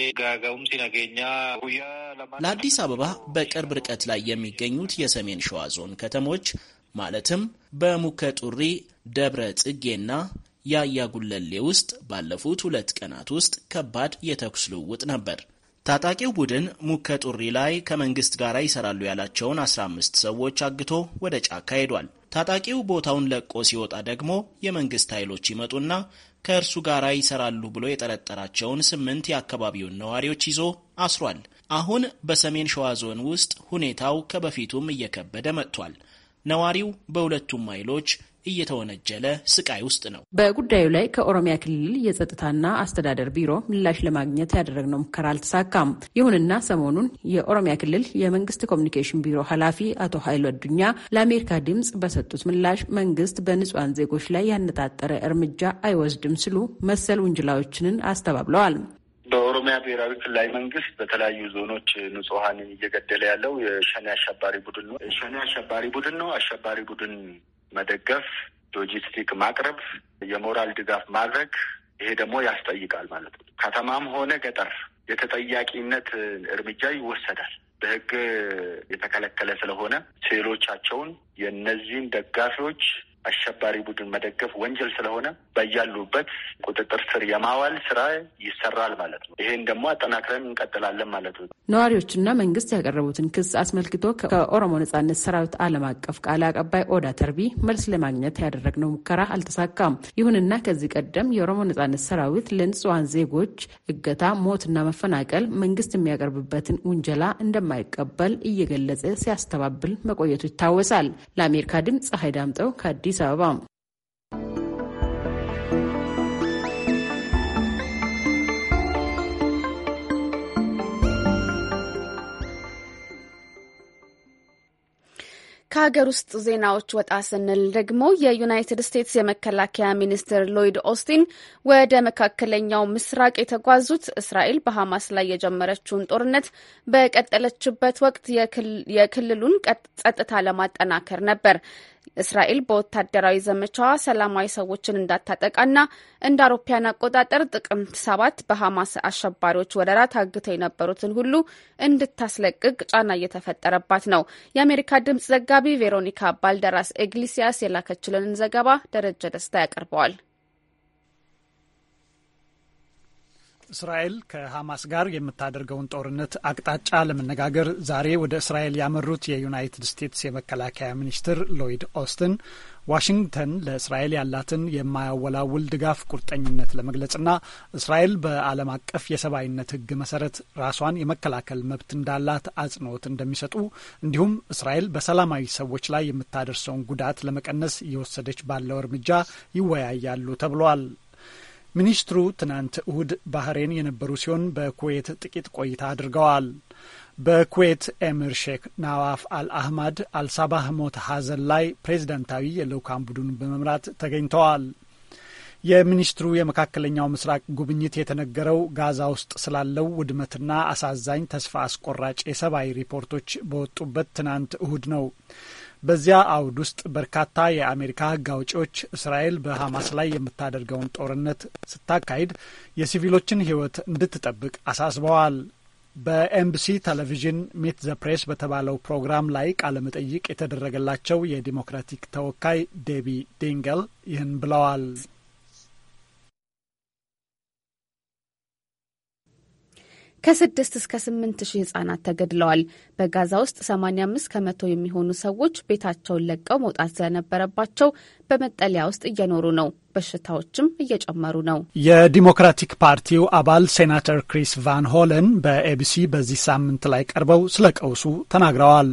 ለአዲስ አበባ በቅርብ ርቀት ላይ የሚገኙት የሰሜን ሸዋ ዞን ከተሞች ማለትም በሙከ ጡሪ፣ ደብረ ጽጌና የአያ ውስጥ ባለፉት ሁለት ቀናት ውስጥ ከባድ የተኩስ ልውውጥ ነበር። ታጣቂው ቡድን ሙከ ጡሪ ላይ ከመንግስት ጋር ይሰራሉ ያላቸውን 15 ሰዎች አግቶ ወደ ጫካ ሄዷል። ታጣቂው ቦታውን ለቆ ሲወጣ ደግሞ የመንግስት ኃይሎች ይመጡና ከእርሱ ጋር ይሰራሉ ብሎ የጠረጠራቸውን ስምንት የአካባቢውን ነዋሪዎች ይዞ አስሯል። አሁን በሰሜን ሸዋ ዞን ውስጥ ሁኔታው ከበፊቱም እየከበደ መጥቷል። ነዋሪው በሁለቱም ኃይሎች እየተወነጀለ ስቃይ ውስጥ ነው። በጉዳዩ ላይ ከኦሮሚያ ክልል የጸጥታና አስተዳደር ቢሮ ምላሽ ለማግኘት ያደረግነው ሙከራ አልተሳካም። ይሁንና ሰሞኑን የኦሮሚያ ክልል የመንግስት ኮሚኒኬሽን ቢሮ ኃላፊ አቶ ኃይሉ አዱኛ ለአሜሪካ ድምፅ በሰጡት ምላሽ መንግስት በንጹሐን ዜጎች ላይ ያነጣጠረ እርምጃ አይወስድም ሲሉ መሰል ውንጅላዎችንን አስተባብለዋል። በኦሮሚያ ብሔራዊ ክልላዊ መንግስት በተለያዩ ዞኖች ንጹሐንን እየገደለ ያለው የሸኔ አሸባሪ ቡድን ነው። ሸኔ አሸባሪ ቡድን ነው። አሸባሪ ቡድን መደገፍ፣ ሎጂስቲክ ማቅረብ፣ የሞራል ድጋፍ ማድረግ ይሄ ደግሞ ያስጠይቃል ማለት ነው። ከተማም ሆነ ገጠር የተጠያቂነት እርምጃ ይወሰዳል። በሕግ የተከለከለ ስለሆነ ስዕሎቻቸውን የእነዚህን ደጋፊዎች አሸባሪ ቡድን መደገፍ ወንጀል ስለሆነ በያሉበት ቁጥጥር ስር የማዋል ስራ ይሰራል ማለት ነው። ይሄን ደግሞ አጠናክረን እንቀጥላለን ማለት ነው። ነዋሪዎችና መንግስት ያቀረቡትን ክስ አስመልክቶ ከኦሮሞ ነጻነት ሰራዊት ዓለም አቀፍ ቃል አቀባይ ኦዳ ተርቢ መልስ ለማግኘት ያደረግነው ሙከራ አልተሳካም። ይሁንና ከዚህ ቀደም የኦሮሞ ነጻነት ሰራዊት ለንጹሃን ዜጎች እገታ፣ ሞትና መፈናቀል መንግስት የሚያቀርብበትን ውንጀላ እንደማይቀበል እየገለጸ ሲያስተባብል መቆየቱ ይታወሳል። ለአሜሪካ ድምፅ ፀሐይ ዳምጠው ከአዲስ አዲስ አበባ ከሀገር ውስጥ ዜናዎች ወጣ ስንል ደግሞ የዩናይትድ ስቴትስ የመከላከያ ሚኒስትር ሎይድ ኦስቲን ወደ መካከለኛው ምስራቅ የተጓዙት እስራኤል በሐማስ ላይ የጀመረችውን ጦርነት በቀጠለችበት ወቅት የክልሉን ጸጥታ ለማጠናከር ነበር። እስራኤል በወታደራዊ ዘመቻዋ ሰላማዊ ሰዎችን እንዳታጠቃና እንደ አውሮፓያን አቆጣጠር ጥቅምት ሰባት በሐማስ አሸባሪዎች ወረራ ታግተው የነበሩትን ሁሉ እንድታስለቅቅ ጫና እየተፈጠረባት ነው። የአሜሪካ ድምጽ ዘጋቢ ቬሮኒካ ባልደራስ ኤግሊሲያስ የላከችልንን ዘገባ ደረጀ ደስታ ያቀርበዋል። እስራኤል ከሐማስ ጋር የምታደርገውን ጦርነት አቅጣጫ ለመነጋገር ዛሬ ወደ እስራኤል ያመሩት የዩናይትድ ስቴትስ የመከላከያ ሚኒስትር ሎይድ ኦስትን ዋሽንግተን ለእስራኤል ያላትን የማያወላውል ድጋፍ ቁርጠኝነት ለመግለጽና እስራኤል በዓለም አቀፍ የሰብአዊነት ሕግ መሰረት ራሷን የመከላከል መብት እንዳላት አጽንኦት እንደሚሰጡ እንዲሁም እስራኤል በሰላማዊ ሰዎች ላይ የምታደርሰውን ጉዳት ለመቀነስ እየወሰደች ባለው እርምጃ ይወያያሉ ተብሏል። ሚኒስትሩ ትናንት እሁድ ባህሬን የነበሩ ሲሆን በኩዌት ጥቂት ቆይታ አድርገዋል። በኩዌት ኤሚር ሼክ ናዋፍ አልአህማድ አልሳባህ ሞት ሀዘን ላይ ፕሬዚደንታዊ የልዑካን ቡድን በመምራት ተገኝተዋል። የሚኒስትሩ የመካከለኛው ምስራቅ ጉብኝት የተነገረው ጋዛ ውስጥ ስላለው ውድመትና አሳዛኝ ተስፋ አስቆራጭ የሰብአዊ ሪፖርቶች በወጡበት ትናንት እሁድ ነው። በዚያ አውድ ውስጥ በርካታ የአሜሪካ ሕግ አውጪዎች እስራኤል በሐማስ ላይ የምታደርገውን ጦርነት ስታካሂድ የሲቪሎችን ሕይወት እንድትጠብቅ አሳስበዋል። በኤምቢሲ ቴሌቪዥን ሚት ዘ ፕሬስ በተባለው ፕሮግራም ላይ ቃለ መጠይቅ የተደረገላቸው የዲሞክራቲክ ተወካይ ዴቢ ዲንገል ይህን ብለዋል። ከስድስት እስከ ስምንት ሺህ ህጻናት ተገድለዋል። በጋዛ ውስጥ 85 ከመቶ የሚሆኑ ሰዎች ቤታቸውን ለቀው መውጣት ስለነበረባቸው በመጠለያ ውስጥ እየኖሩ ነው። በሽታዎችም እየጨመሩ ነው። የዲሞክራቲክ ፓርቲው አባል ሴናተር ክሪስ ቫን ሆለን በኤቢሲ በዚህ ሳምንት ላይ ቀርበው ስለ ቀውሱ ተናግረዋል።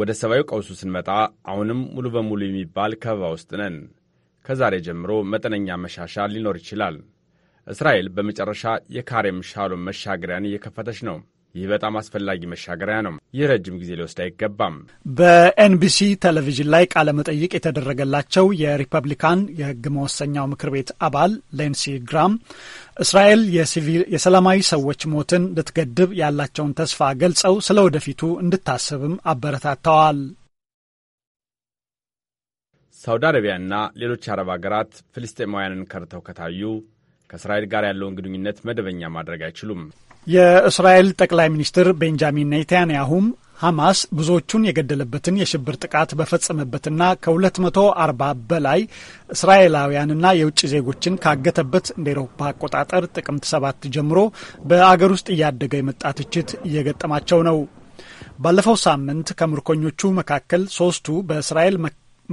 ወደ ሰብአዊ ቀውሱ ስንመጣ አሁንም ሙሉ በሙሉ የሚባል ከበባ ውስጥ ነን። ከዛሬ ጀምሮ መጠነኛ መሻሻል ሊኖር ይችላል። እስራኤል በመጨረሻ የካሬም ሻሎም መሻገሪያን እየከፈተች ነው። ይህ በጣም አስፈላጊ መሻገሪያ ነው። ይህ ረጅም ጊዜ ሊወስድ አይገባም። በኤንቢሲ ቴሌቪዥን ላይ ቃለ መጠይቅ የተደረገላቸው የሪፐብሊካን የሕግ መወሰኛው ምክር ቤት አባል ሌንሲ ግራም እስራኤል የሰላማዊ ሰዎች ሞትን ልትገድብ ያላቸውን ተስፋ ገልጸው ስለ ወደፊቱ እንድታስብም አበረታተዋል። ሳውዲ አረቢያና ሌሎች አረብ አገራት ፍልስጤማውያንን ከርተው ከታዩ ከእስራኤል ጋር ያለውን ግንኙነት መደበኛ ማድረግ አይችሉም። የእስራኤል ጠቅላይ ሚኒስትር ቤንጃሚን ኔታንያሁም ሐማስ ብዙዎቹን የገደለበትን የሽብር ጥቃት በፈጸመበትና ከ240 በላይ እስራኤላውያንና የውጭ ዜጎችን ካገተበት እንደ ኤሮፓ አቆጣጠር ጥቅምት ሰባት ጀምሮ በአገር ውስጥ እያደገ የመጣ ትችት እየገጠማቸው ነው። ባለፈው ሳምንት ከምርኮኞቹ መካከል ሶስቱ በእስራኤል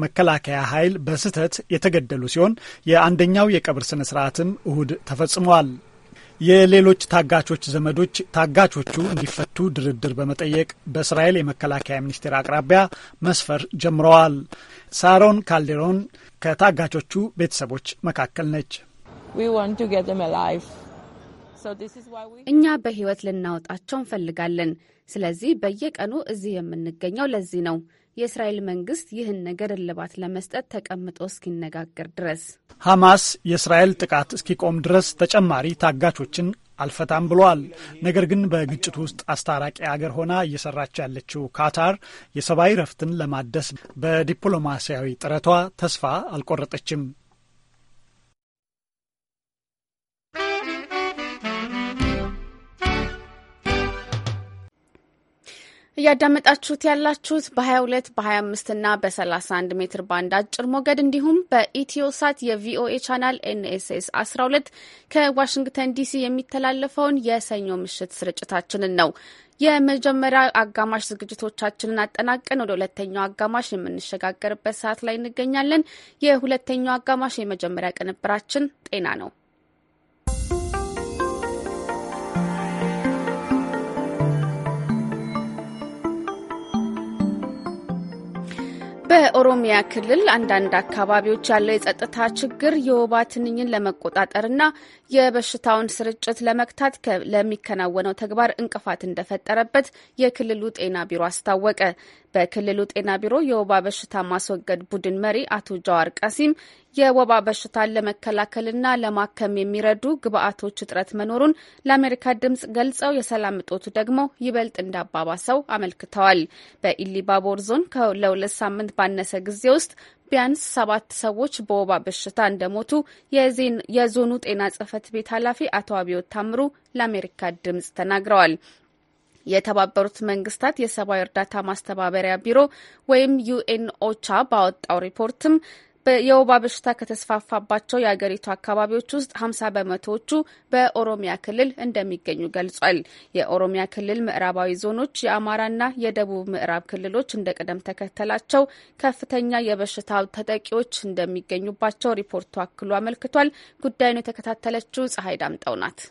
መከላከያ ኃይል በስህተት የተገደሉ ሲሆን የአንደኛው የቀብር ስነ ስርዓትም እሁድ ተፈጽሟል። የሌሎች ታጋቾች ዘመዶች ታጋቾቹ እንዲፈቱ ድርድር በመጠየቅ በእስራኤል የመከላከያ ሚኒስቴር አቅራቢያ መስፈር ጀምረዋል። ሳሮን ካልዴሮን ከታጋቾቹ ቤተሰቦች መካከል ነች። እኛ በህይወት ልናወጣቸው እንፈልጋለን። ስለዚህ በየቀኑ እዚህ የምንገኘው ለዚህ ነው። የእስራኤል መንግስት ይህን ነገር እልባት ለመስጠት ተቀምጦ እስኪነጋገር ድረስ ሐማስ የእስራኤል ጥቃት እስኪቆም ድረስ ተጨማሪ ታጋቾችን አልፈታም ብለዋል። ነገር ግን በግጭቱ ውስጥ አስታራቂ አገር ሆና እየሰራች ያለችው ካታር የሰብአዊ ረፍትን ለማደስ በዲፕሎማሲያዊ ጥረቷ ተስፋ አልቆረጠችም። እያዳመጣችሁት ያላችሁት በ22 በ25 እና በ31 ሜትር ባንድ አጭር ሞገድ እንዲሁም በኢትዮሳት የቪኦኤ ቻናል ኤንኤስኤስ 12 ከዋሽንግተን ዲሲ የሚተላለፈውን የሰኞ ምሽት ስርጭታችንን ነው። የመጀመሪያ አጋማሽ ዝግጅቶቻችንን አጠናቀን ወደ ሁለተኛው አጋማሽ የምንሸጋገርበት ሰዓት ላይ እንገኛለን። የሁለተኛው አጋማሽ የመጀመሪያ ቅንብራችን ጤና ነው። በኦሮሚያ ክልል አንዳንድ አካባቢዎች ያለው የጸጥታ ችግር የወባ ትንኝን ለመቆጣጠርና የበሽታውን ስርጭት ለመግታት ለሚከናወነው ተግባር እንቅፋት እንደፈጠረበት የክልሉ ጤና ቢሮ አስታወቀ። በክልሉ ጤና ቢሮ የወባ በሽታ ማስወገድ ቡድን መሪ አቶ ጃዋር ቀሲም የወባ በሽታን ለመከላከልና ለማከም የሚረዱ ግብአቶች እጥረት መኖሩን ለአሜሪካ ድምጽ ገልጸው የሰላም እጦቱ ደግሞ ይበልጥ እንዳባባሰው አመልክተዋል። በኢሊባቦር ዞን ለሁለት ሳምንት ባነሰ ጊዜ ውስጥ ቢያንስ ሰባት ሰዎች በወባ በሽታ እንደሞቱ የዞኑ ጤና ጽህፈት ቤት ኃላፊ አቶ አብዮት ታምሩ ለአሜሪካ ድምጽ ተናግረዋል። የተባበሩት መንግስታት የሰብአዊ እርዳታ ማስተባበሪያ ቢሮ ወይም ዩኤን ኦቻ ባወጣው ሪፖርትም የወባ በሽታ ከተስፋፋባቸው የአገሪቱ አካባቢዎች ውስጥ ሀምሳ በመቶዎቹ በኦሮሚያ ክልል እንደሚገኙ ገልጿል። የኦሮሚያ ክልል ምዕራባዊ ዞኖች፣ የአማራና የደቡብ ምዕራብ ክልሎች እንደ ቅደም ተከተላቸው ከፍተኛ የበሽታ ተጠቂዎች እንደሚገኙባቸው ሪፖርቱ አክሎ አመልክቷል። ጉዳዩን የተከታተለችው ፀሐይ ዳምጠው ናት።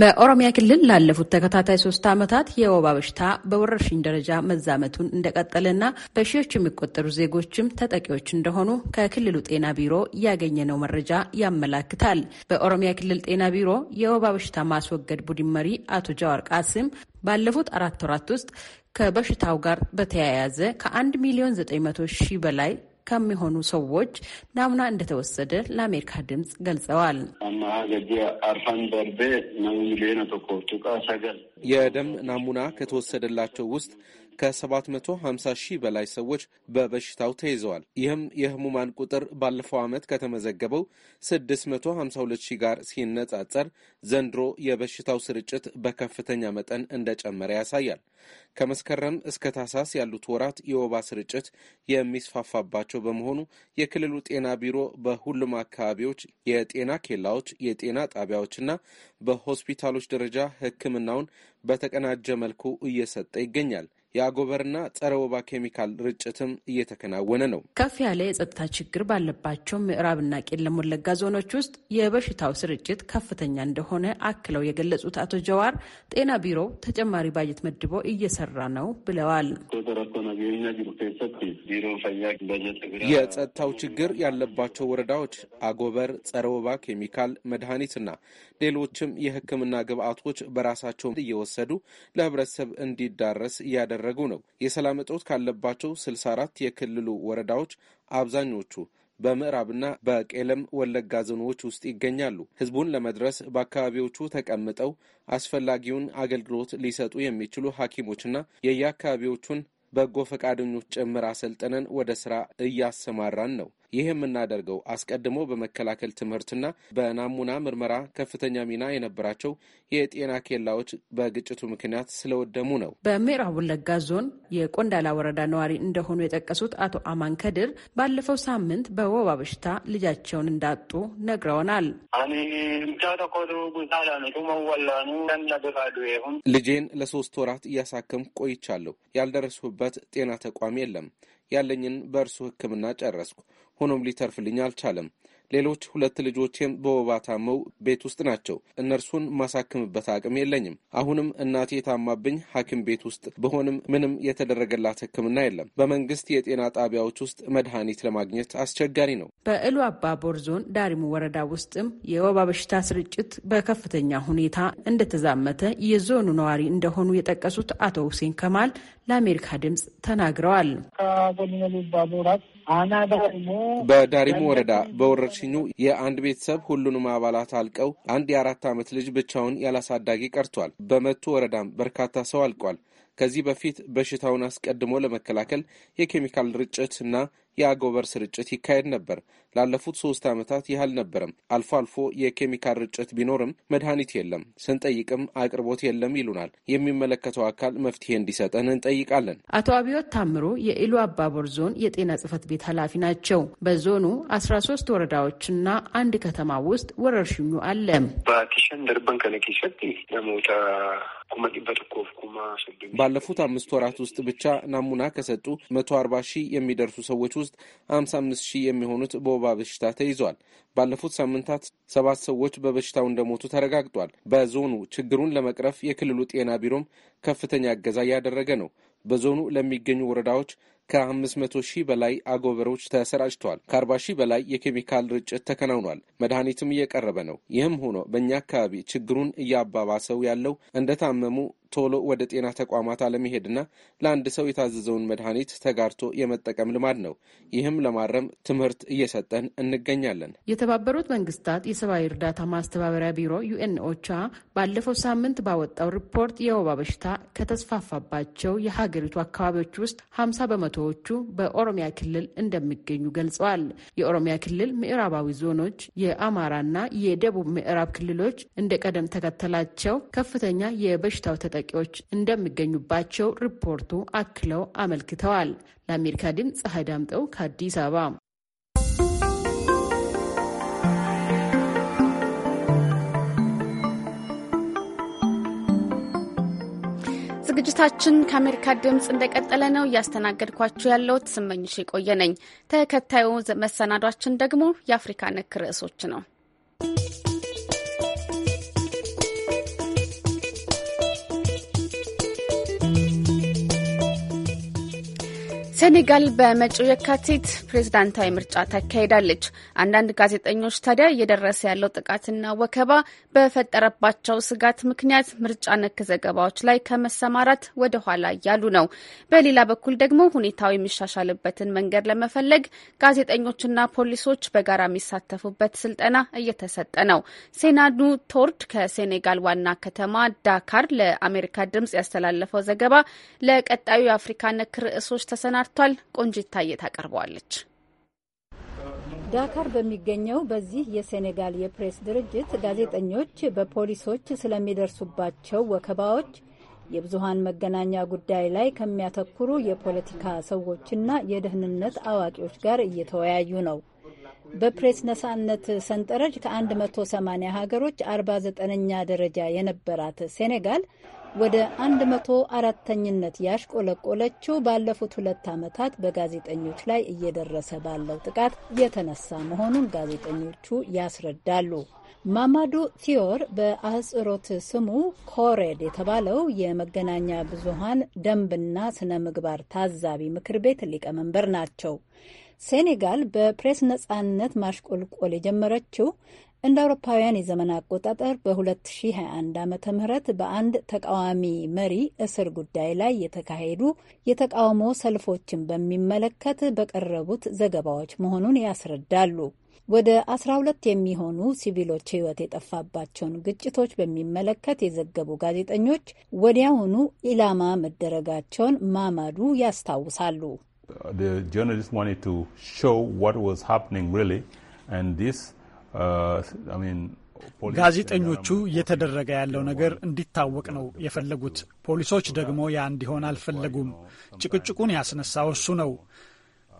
በኦሮሚያ ክልል ላለፉት ተከታታይ ሶስት ዓመታት የወባ በሽታ በወረርሽኝ ደረጃ መዛመቱን እንደቀጠለና በሺዎች የሚቆጠሩ ዜጎችም ተጠቂዎች እንደሆኑ ከክልሉ ጤና ቢሮ ያገኘነው መረጃ ያመላክታል። በኦሮሚያ ክልል ጤና ቢሮ የወባ በሽታ ማስወገድ ቡድን መሪ አቶ ጃዋር ቃስም ባለፉት አራት ወራት ውስጥ ከበሽታው ጋር በተያያዘ ከ1 ሚሊዮን መቶ ሺህ በላይ ከሚሆኑ ሰዎች ናሙና እንደተወሰደ ለአሜሪካ ድምፅ ገልጸዋል። የደም ናሙና ከተወሰደላቸው ውስጥ ከ750 ሺህ በላይ ሰዎች በበሽታው ተይዘዋል። ይህም የህሙማን ቁጥር ባለፈው ዓመት ከተመዘገበው 652 ሺህ ጋር ሲነጻጸር ዘንድሮ የበሽታው ስርጭት በከፍተኛ መጠን እንደጨመረ ያሳያል። ከመስከረም እስከ ታህሳስ ያሉት ወራት የወባ ስርጭት የሚስፋፋባቸው በመሆኑ የክልሉ ጤና ቢሮ በሁሉም አካባቢዎች የጤና ኬላዎች፣ የጤና ጣቢያዎችና በሆስፒታሎች ደረጃ ሕክምናውን በተቀናጀ መልኩ እየሰጠ ይገኛል። የአጎበርና ጸረ ወባ ኬሚካል ርጭትም እየተከናወነ ነው። ከፍ ያለ የጸጥታ ችግር ባለባቸው ምዕራብና ቄለም ወለጋ ዞኖች ውስጥ የበሽታው ስርጭት ከፍተኛ እንደሆነ አክለው የገለጹት አቶ ጀዋር ጤና ቢሮ ተጨማሪ ባጀት መድቦ እየሰራ ነው ብለዋል። የጸጥታው ችግር ያለባቸው ወረዳዎች አጎበር ጸረ ወባ ኬሚካል መድኃኒትና ሌሎችም የሕክምና ግብአቶች በራሳቸው እየወሰዱ ለህብረተሰብ እንዲዳረስ እያደረጉ ነው። የሰላም እጦት ካለባቸው ስልሳ አራት የክልሉ ወረዳዎች አብዛኞቹ በምዕራብና በቄለም ወለጋ ዞኖች ውስጥ ይገኛሉ። ህዝቡን ለመድረስ በአካባቢዎቹ ተቀምጠው አስፈላጊውን አገልግሎት ሊሰጡ የሚችሉ ሐኪሞችና የየአካባቢዎቹን በጎ ፈቃደኞች ጭምር አሰልጥነን ወደ ስራ እያሰማራን ነው። ይህ የምናደርገው አስቀድሞ በመከላከል ትምህርትና በናሙና ምርመራ ከፍተኛ ሚና የነበራቸው የጤና ኬላዎች በግጭቱ ምክንያት ስለወደሙ ነው። በምዕራብ ወለጋ ዞን የቆንዳላ ወረዳ ነዋሪ እንደሆኑ የጠቀሱት አቶ አማን ከድር ባለፈው ሳምንት በወባ በሽታ ልጃቸውን እንዳጡ ነግረውናል። ልጄን ለሶስት ወራት እያሳከም ቆይቻለሁ። ያልደረስሁበት ጤና ተቋም የለም። ያለኝን በእርሱ ሕክምና ጨረስኩ። ሆኖም ሊተርፍልኝ አልቻለም። ሌሎች ሁለት ልጆቼም በወባ ታመው ቤት ውስጥ ናቸው። እነርሱን ማሳክምበት አቅም የለኝም። አሁንም እናቴ የታማብኝ ሐኪም ቤት ውስጥ በሆንም ምንም የተደረገላት ሕክምና የለም። በመንግስት የጤና ጣቢያዎች ውስጥ መድኃኒት ለማግኘት አስቸጋሪ ነው። በእሉ አባቦር ዞን ዳሪሙ ወረዳ ውስጥም የወባ በሽታ ስርጭት በከፍተኛ ሁኔታ እንደተዛመተ የዞኑ ነዋሪ እንደሆኑ የጠቀሱት አቶ ሁሴን ከማል ለአሜሪካ ድምፅ ተናግረዋል። በዳሪሞ ወረዳ በወረርሽኙ የአንድ ቤተሰብ ሁሉንም አባላት አልቀው አንድ የአራት ዓመት ልጅ ብቻውን ያላሳዳጊ ቀርቷል። በመቱ ወረዳም በርካታ ሰው አልቋል። ከዚህ በፊት በሽታውን አስቀድሞ ለመከላከል የኬሚካል ርጭት እና የአጎበር ስርጭት ይካሄድ ነበር። ላለፉት ሶስት ዓመታት ይህ አልነበረም። አልፎ አልፎ የኬሚካል ርጭት ቢኖርም መድኃኒት የለም፣ ስንጠይቅም አቅርቦት የለም ይሉናል። የሚመለከተው አካል መፍትሄ እንዲሰጠን እንጠይቃለን። አቶ አብዮት ታምሮ የኢሉ አባቦር ዞን የጤና ጽህፈት ቤት ኃላፊ ናቸው። በዞኑ አስራ ሶስት ወረዳዎችና አንድ ከተማ ውስጥ ወረርሽኙ አለ። ባለፉት አምስት ወራት ውስጥ ብቻ ናሙና ከሰጡ መቶ አርባ ሺህ የሚደርሱ ሰዎች ውስጥ 55 ሺህ የሚሆኑት በወባ በሽታ ተይዘዋል። ባለፉት ሳምንታት ሰባት ሰዎች በበሽታው እንደሞቱ ተረጋግጧል። በዞኑ ችግሩን ለመቅረፍ የክልሉ ጤና ቢሮም ከፍተኛ እገዛ እያደረገ ነው። በዞኑ ለሚገኙ ወረዳዎች ከ መቶ ሺህ በላይ አጎበሮች ተሰራጭተዋል። ከ40 ሺህ በላይ የኬሚካል ርጭት ተከናውኗል። መድኃኒትም እየቀረበ ነው። ይህም ሆኖ በእኛ አካባቢ ችግሩን እያባባሰው ያለው እንደታመሙ ቶሎ ወደ ጤና ተቋማት አለመሄድና ለአንድ ሰው የታዘዘውን መድኃኒት ተጋርቶ የመጠቀም ልማድ ነው። ይህም ለማረም ትምህርት እየሰጠን እንገኛለን። የተባበሩት መንግስታት የሰብአዊ እርዳታ ማስተባበሪያ ቢሮ ዩኤንኦቻ ባለፈው ሳምንት ባወጣው ሪፖርት የወባ በሽታ ከተስፋፋባቸው የሀገሪቱ አካባቢዎች ውስጥ 50 በመቶ መቶዎቹ በኦሮሚያ ክልል እንደሚገኙ ገልጸዋል። የኦሮሚያ ክልል ምዕራባዊ ዞኖች፣ የአማራና የደቡብ ምዕራብ ክልሎች እንደ ቀደም ተከተላቸው ከፍተኛ የበሽታው ተጠቂዎች እንደሚገኙባቸው ሪፖርቱ አክለው አመልክተዋል። ለአሜሪካ ድምፅ ፀሐይ ዳምጠው ከአዲስ አበባ ዝግጅታችን ከአሜሪካ ድምፅ እንደቀጠለ ነው። እያስተናገድኳችሁ ያለሁት ስመኝሽ የቆየ ነኝ። ተከታዩ መሰናዷችን ደግሞ የአፍሪካ ነክ ርዕሶች ነው። ሴኔጋል በመጪው የካቲት ፕሬዝዳንታዊ ምርጫ ታካሂዳለች። አንዳንድ ጋዜጠኞች ታዲያ እየደረሰ ያለው ጥቃትና ወከባ በፈጠረባቸው ስጋት ምክንያት ምርጫ ነክ ዘገባዎች ላይ ከመሰማራት ወደ ኋላ እያሉ ነው። በሌላ በኩል ደግሞ ሁኔታው የሚሻሻልበትን መንገድ ለመፈለግ ጋዜጠኞችና ፖሊሶች በጋራ የሚሳተፉበት ስልጠና እየተሰጠ ነው። ሴናዱ ቶርድ ከሴኔጋል ዋና ከተማ ዳካር ለአሜሪካ ድምጽ ያስተላለፈው ዘገባ ለቀጣዩ የአፍሪካ ነክ ርዕሶች ተሰና ተሰናድቷል። ቆንጂታ ታዬ ታቀርበዋለች። ዳካር በሚገኘው በዚህ የሴኔጋል የፕሬስ ድርጅት ጋዜጠኞች በፖሊሶች ስለሚደርሱባቸው ወከባዎች የብዙሀን መገናኛ ጉዳይ ላይ ከሚያተኩሩ የፖለቲካ ሰዎችና የደህንነት አዋቂዎች ጋር እየተወያዩ ነው። በፕሬስ ነጻነት ሰንጠረዥ ከ180 ሀገሮች 49ኛ ደረጃ የነበራት ሴኔጋል ወደ 104ተኝነት ያሽቆለቆለችው ባለፉት ሁለት ዓመታት በጋዜጠኞች ላይ እየደረሰ ባለው ጥቃት የተነሳ መሆኑን ጋዜጠኞቹ ያስረዳሉ። ማማዱ ቲዮር በአህጽሮት ስሙ ኮሬድ የተባለው የመገናኛ ብዙሃን ደንብና ስነ ምግባር ታዛቢ ምክር ቤት ሊቀመንበር ናቸው። ሴኔጋል በፕሬስ ነጻነት ማሽቆልቆል የጀመረችው እንደ አውሮፓውያን የዘመን አቆጣጠር በ2021 ዓ ም በአንድ ተቃዋሚ መሪ እስር ጉዳይ ላይ የተካሄዱ የተቃውሞ ሰልፎችን በሚመለከት በቀረቡት ዘገባዎች መሆኑን ያስረዳሉ። ወደ 12 የሚሆኑ ሲቪሎች ሕይወት የጠፋባቸውን ግጭቶች በሚመለከት የዘገቡ ጋዜጠኞች ወዲያውኑ ኢላማ መደረጋቸውን ማማዱ ያስታውሳሉ። ጆርናሊስት Uh, ጋዜጠኞቹ እየተደረገ ያለው ነገር እንዲታወቅ ነው የፈለጉት። ፖሊሶች ደግሞ ያ እንዲሆን አልፈለጉም። ጭቅጭቁን ያስነሳው እሱ ነው።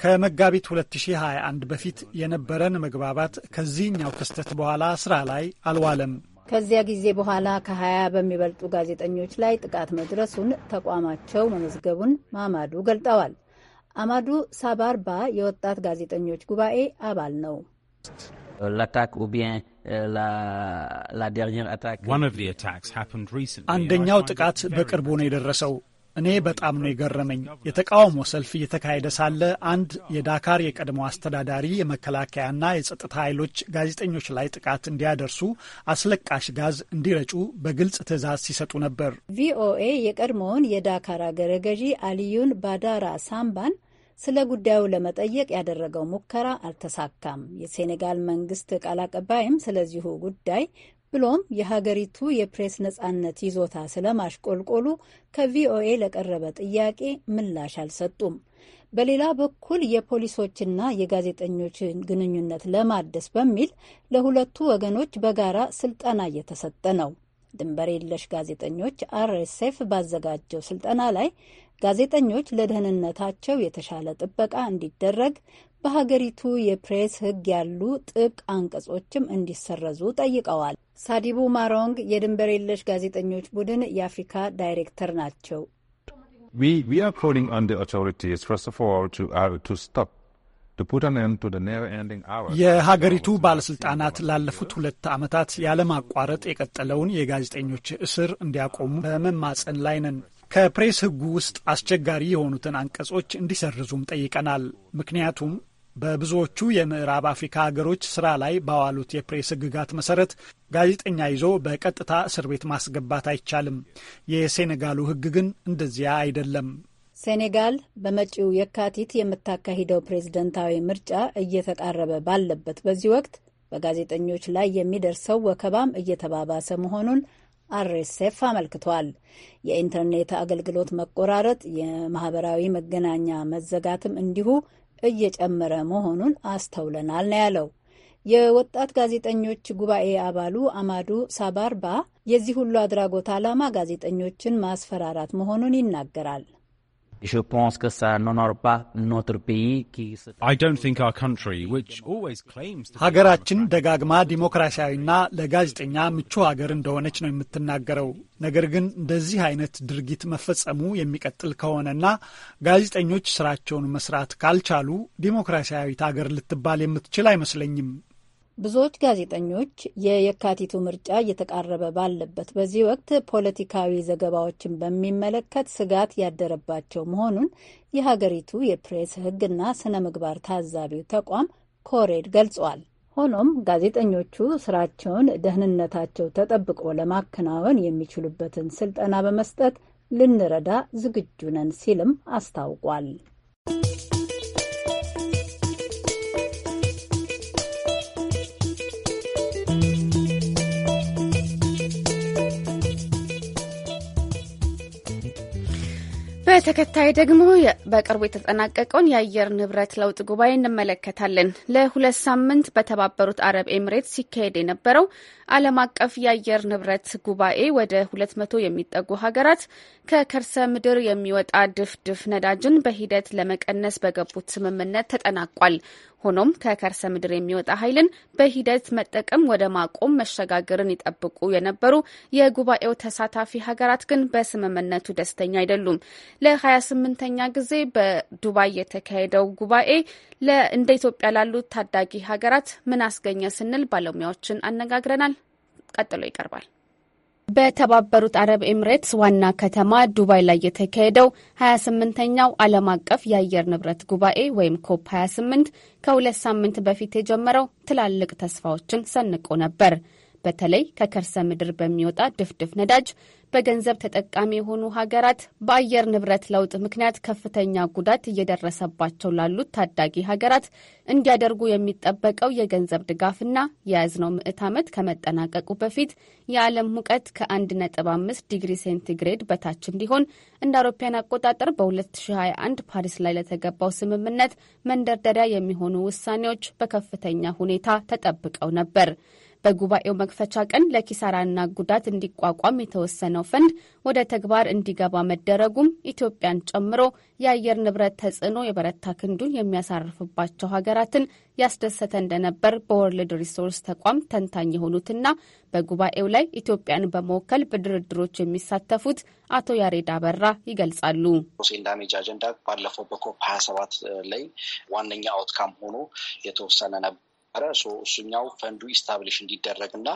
ከመጋቢት 2021 በፊት የነበረን መግባባት ከዚህኛው ክስተት በኋላ ስራ ላይ አልዋለም። ከዚያ ጊዜ በኋላ ከ20 በሚበልጡ ጋዜጠኞች ላይ ጥቃት መድረሱን ተቋማቸው መመዝገቡን ማማዱ ገልጠዋል። አማዱ ሳባርባ የወጣት ጋዜጠኞች ጉባኤ አባል ነው። Euh, euh, አንደኛው ጥቃት በቅርቡ ነው የደረሰው። እኔ በጣም ነው የገረመኝ። የተቃውሞ ሰልፍ እየተካሄደ ሳለ አንድ የዳካር የቀድሞ አስተዳዳሪ የመከላከያና የጸጥታ ኃይሎች ጋዜጠኞች ላይ ጥቃት እንዲያደርሱ አስለቃሽ ጋዝ እንዲረጩ በግልጽ ትዕዛዝ ሲሰጡ ነበር። ቪኦኤ የቀድሞውን የዳካር አገረ ገዢ አልዩን ባዳራ ሳምባን ስለ ጉዳዩ ለመጠየቅ ያደረገው ሙከራ አልተሳካም። የሴኔጋል መንግስት ቃል አቀባይም ስለዚሁ ጉዳይ ብሎም የሀገሪቱ የፕሬስ ነጻነት ይዞታ ስለማሽቆልቆሉ ከቪኦኤ ለቀረበ ጥያቄ ምላሽ አልሰጡም። በሌላ በኩል የፖሊሶችና የጋዜጠኞች ግንኙነት ለማደስ በሚል ለሁለቱ ወገኖች በጋራ ስልጠና እየተሰጠ ነው። ድንበር የለሽ ጋዜጠኞች አርኤስኤፍ ባዘጋጀው ስልጠና ላይ ጋዜጠኞች ለደህንነታቸው የተሻለ ጥበቃ እንዲደረግ በሀገሪቱ የፕሬስ ሕግ ያሉ ጥብቅ አንቀጾችም እንዲሰረዙ ጠይቀዋል። ሳዲቡ ማሮንግ የድንበር የለሽ ጋዜጠኞች ቡድን የአፍሪካ ዳይሬክተር ናቸው። uh, የሀገሪቱ ባለስልጣናት ላለፉት ሁለት ዓመታት ያለማቋረጥ የቀጠለውን የጋዜጠኞች እስር እንዲያቆሙ በመማጸን ላይ ነን። ከፕሬስ ህጉ ውስጥ አስቸጋሪ የሆኑትን አንቀጾች እንዲሰርዙም ጠይቀናል። ምክንያቱም በብዙዎቹ የምዕራብ አፍሪካ ሀገሮች ስራ ላይ ባዋሉት የፕሬስ ህግጋት መሰረት ጋዜጠኛ ይዞ በቀጥታ እስር ቤት ማስገባት አይቻልም። የሴኔጋሉ ህግ ግን እንደዚያ አይደለም። ሴኔጋል በመጪው የካቲት የምታካሂደው ፕሬዝደንታዊ ምርጫ እየተቃረበ ባለበት በዚህ ወቅት በጋዜጠኞች ላይ የሚደርሰው ወከባም እየተባባሰ መሆኑን አርኤስኤፍ አመልክቷል። የኢንተርኔት አገልግሎት መቆራረጥ፣ የማህበራዊ መገናኛ መዘጋትም እንዲሁ እየጨመረ መሆኑን አስተውለናል ነው ያለው። የወጣት ጋዜጠኞች ጉባኤ አባሉ አማዱ ሳባርባ የዚህ ሁሉ አድራጎት ዓላማ ጋዜጠኞችን ማስፈራራት መሆኑን ይናገራል። ሀገራችን ደጋግማ ዲሞክራሲያዊና ለጋዜጠኛ ምቹ ሀገር እንደሆነች ነው የምትናገረው። ነገር ግን እንደዚህ አይነት ድርጊት መፈጸሙ የሚቀጥል ከሆነና ጋዜጠኞች ስራቸውን መስራት ካልቻሉ ዲሞክራሲያዊት ሀገር ልትባል የምትችል አይመስለኝም። ብዙዎች ጋዜጠኞች የየካቲቱ ምርጫ እየተቃረበ ባለበት በዚህ ወቅት ፖለቲካዊ ዘገባዎችን በሚመለከት ስጋት ያደረባቸው መሆኑን የሀገሪቱ የፕሬስ ሕግና ስነ ምግባር ታዛቢው ተቋም ኮሬድ ገልጿል። ሆኖም ጋዜጠኞቹ ስራቸውን ደህንነታቸው ተጠብቆ ለማከናወን የሚችሉበትን ስልጠና በመስጠት ልንረዳ ዝግጁ ነን ሲልም አስታውቋል። በተከታይ ደግሞ በቅርቡ የተጠናቀቀውን የአየር ንብረት ለውጥ ጉባኤ እንመለከታለን። ለሁለት ሳምንት በተባበሩት አረብ ኤምሬት ሲካሄድ የነበረው ዓለም አቀፍ የአየር ንብረት ጉባኤ ወደ 200 የሚጠጉ ሀገራት ከከርሰ ምድር የሚወጣ ድፍድፍ ነዳጅን በሂደት ለመቀነስ በገቡት ስምምነት ተጠናቋል። ሆኖም ከከርሰ ምድር የሚወጣ ኃይልን በሂደት መጠቀም ወደ ማቆም መሸጋገርን ይጠብቁ የነበሩ የጉባኤው ተሳታፊ ሀገራት ግን በስምምነቱ ደስተኛ አይደሉም። ለ28ኛ ጊዜ በዱባይ የተካሄደው ጉባኤ እንደ ኢትዮጵያ ላሉት ታዳጊ ሀገራት ምን አስገኘ ስንል ባለሙያዎችን አነጋግረናል። ቀጥሎ ይቀርባል። በተባበሩት አረብ ኤምሬትስ ዋና ከተማ ዱባይ ላይ የተካሄደው 28ኛው ዓለም አቀፍ የአየር ንብረት ጉባኤ ወይም ኮፕ 28 ከሁለት ሳምንት በፊት የጀመረው ትላልቅ ተስፋዎችን ሰንቆ ነበር። በተለይ ከከርሰ ምድር በሚወጣ ድፍድፍ ነዳጅ በገንዘብ ተጠቃሚ የሆኑ ሀገራት በአየር ንብረት ለውጥ ምክንያት ከፍተኛ ጉዳት እየደረሰባቸው ላሉት ታዳጊ ሀገራት እንዲያደርጉ የሚጠበቀው የገንዘብ ድጋፍና የያዝነው ምዕት ዓመት ከመጠናቀቁ በፊት የዓለም ሙቀት ከ1.5 ዲግሪ ሴንቲግሬድ በታች እንዲሆን እንደ አውሮፓውያን አቆጣጠር በ2021 ፓሪስ ላይ ለተገባው ስምምነት መንደርደሪያ የሚሆኑ ውሳኔዎች በከፍተኛ ሁኔታ ተጠብቀው ነበር። በጉባኤው መክፈቻ ቀን ለኪሳራና ጉዳት እንዲቋቋም የተወሰነው ፈንድ ወደ ተግባር እንዲገባ መደረጉም ኢትዮጵያን ጨምሮ የአየር ንብረት ተጽዕኖ የበረታ ክንዱን የሚያሳርፍባቸው ሀገራትን ያስደሰተ እንደነበር በወርልድ ሪሶርስ ተቋም ተንታኝ የሆኑትና በጉባኤው ላይ ኢትዮጵያን በመወከል በድርድሮች የሚሳተፉት አቶ ያሬድ አበራ ይገልጻሉ። ሴን ዳሜጅ አጀንዳ ባለፈው በኮፕ ሀያ ሰባት ላይ ዋነኛ አውትካም ሆኖ የተወሰነ ነበር ነበረ። እሱኛው ፈንዱ ኢስታብሊሽ እንዲደረግ እና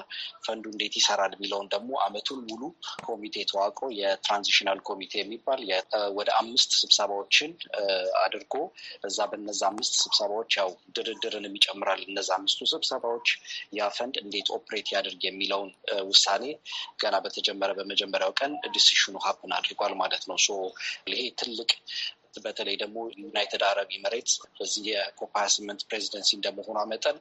ፈንዱ እንዴት ይሰራል የሚለውን ደግሞ አመቱን ሙሉ ኮሚቴ ተዋቅሮ የትራንዚሽናል ኮሚቴ የሚባል ወደ አምስት ስብሰባዎችን አድርጎ እዛ በነዛ አምስት ስብሰባዎች ያው ድርድርንም ይጨምራል። እነዛ አምስቱ ስብሰባዎች ያ ፈንድ እንዴት ኦፕሬት ያደርግ የሚለውን ውሳኔ ገና በተጀመረ በመጀመሪያው ቀን ዲሲሽኑ ሀፕን አድርጓል ማለት ነው። ይሄ ትልቅ በተለይ ደግሞ ዩናይትድ አረብ ኢሚሬትስ በዚህ የኮፕ ሀያ ስምንት ፕሬዚደንሲ እንደመሆኗ መጠን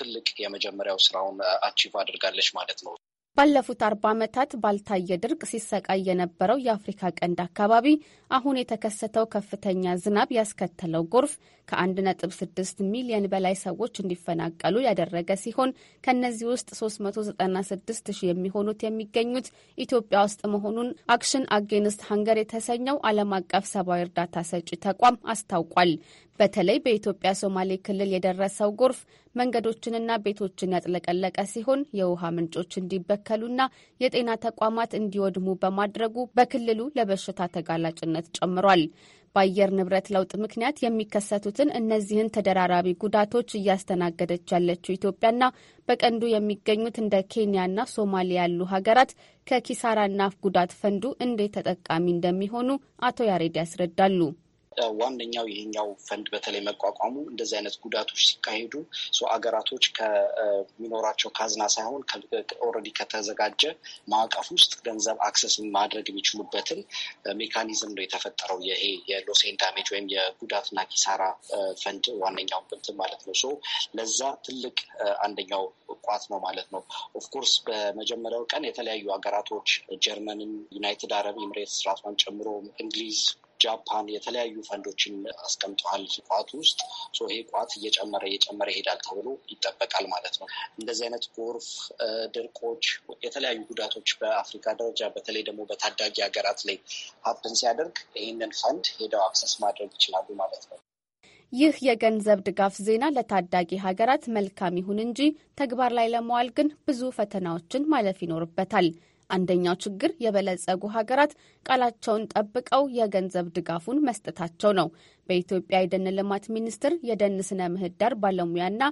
ትልቅ የመጀመሪያው ስራውን አቺቭ አድርጋለች ማለት ነው። ባለፉት አርባ ዓመታት ባልታየ ድርቅ ሲሰቃይ የነበረው የአፍሪካ ቀንድ አካባቢ አሁን የተከሰተው ከፍተኛ ዝናብ ያስከተለው ጎርፍ ከ1.6 ሚሊዮን በላይ ሰዎች እንዲፈናቀሉ ያደረገ ሲሆን ከእነዚህ ውስጥ 396 ሺህ የሚሆኑት የሚገኙት ኢትዮጵያ ውስጥ መሆኑን አክሽን አጌንስት ሀንገር የተሰኘው ዓለም አቀፍ ሰብአዊ እርዳታ ሰጪ ተቋም አስታውቋል። በተለይ በኢትዮጵያ ሶማሌ ክልል የደረሰው ጎርፍ መንገዶችንና ቤቶችን ያጥለቀለቀ ሲሆን የውሃ ምንጮች እንዲበከሉና የጤና ተቋማት እንዲወድሙ በማድረጉ በክልሉ ለበሽታ ተጋላጭነት ጨምሯል። በአየር ንብረት ለውጥ ምክንያት የሚከሰቱትን እነዚህን ተደራራቢ ጉዳቶች እያስተናገደች ያለችው ኢትዮጵያና በቀንዱ የሚገኙት እንደ ኬንያና ሶማሌ ያሉ ሀገራት ከኪሳራና ጉዳት ፈንዱ እንዴት ተጠቃሚ እንደሚሆኑ አቶ ያሬድ ያስረዳሉ። ዋነኛው ይሄኛው ፈንድ በተለይ መቋቋሙ እንደዚህ አይነት ጉዳቶች ሲካሄዱ አገራቶች ከሚኖራቸው ካዝና ሳይሆን ኦልሬዲ ከተዘጋጀ ማዕቀፍ ውስጥ ገንዘብ አክሰስ ማድረግ የሚችሉበትን ሜካኒዝም ነው የተፈጠረው። ይሄ የሎሴን ዳሜጅ ወይም የጉዳትና ኪሳራ ፈንድ ዋነኛው እንትን ማለት ነው። ለዛ ትልቅ አንደኛው ቋት ነው ማለት ነው። ኦፍኮርስ በመጀመሪያው ቀን የተለያዩ ሀገራቶች ጀርመንን፣ ዩናይትድ አረብ ኤምሬትስ ራሷን ጨምሮ እንግሊዝ ጃፓን የተለያዩ ፈንዶችን አስቀምጠዋል ቋት ውስጥ ይሄ ቋት እየጨመረ እየጨመረ ይሄዳል ተብሎ ይጠበቃል ማለት ነው። እንደዚህ አይነት ጎርፍ፣ ድርቆች፣ የተለያዩ ጉዳቶች በአፍሪካ ደረጃ በተለይ ደግሞ በታዳጊ ሀገራት ላይ ሀብትን ሲያደርግ ይህንን ፈንድ ሄደው አክሰስ ማድረግ ይችላሉ ማለት ነው። ይህ የገንዘብ ድጋፍ ዜና ለታዳጊ ሀገራት መልካም ይሁን እንጂ ተግባር ላይ ለመዋል ግን ብዙ ፈተናዎችን ማለፍ ይኖርበታል። አንደኛው ችግር የበለጸጉ ሀገራት ቃላቸውን ጠብቀው የገንዘብ ድጋፉን መስጠታቸው ነው። በኢትዮጵያ የደን ልማት ሚኒስቴር የደን ስነ ምህዳር ባለሙያና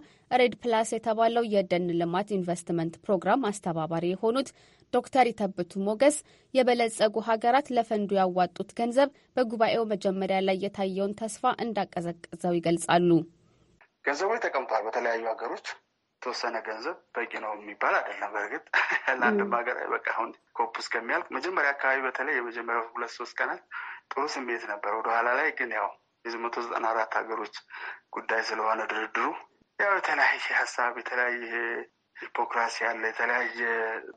ሬድ ፕላስ የተባለው የደን ልማት ኢንቨስትመንት ፕሮግራም አስተባባሪ የሆኑት ዶክተር ይተብቱ ሞገስ የበለጸጉ ሀገራት ለፈንዱ ያዋጡት ገንዘብ በጉባኤው መጀመሪያ ላይ የታየውን ተስፋ እንዳቀዘቀዘው ይገልጻሉ። ገንዘቡ ተቀምጧል በተለያዩ ሀገሮች የተወሰነ ገንዘብ በቂ ነው የሚባል አይደለም። በእርግጥ ለአንድም ሀገር በቃ አሁን ኮፕ እስከሚያልቅ መጀመሪያ አካባቢ በተለይ የመጀመሪያው ሁለት ሶስት ቀናት ጥሩ ስሜት ነበር። ወደኋላ ላይ ግን ያው የዚህ መቶ ዘጠና አራት ሀገሮች ጉዳይ ስለሆነ ድርድሩ ያው የተለያየ ሀሳብ የተለያየ ሂፖክራሲ አለ። የተለያየ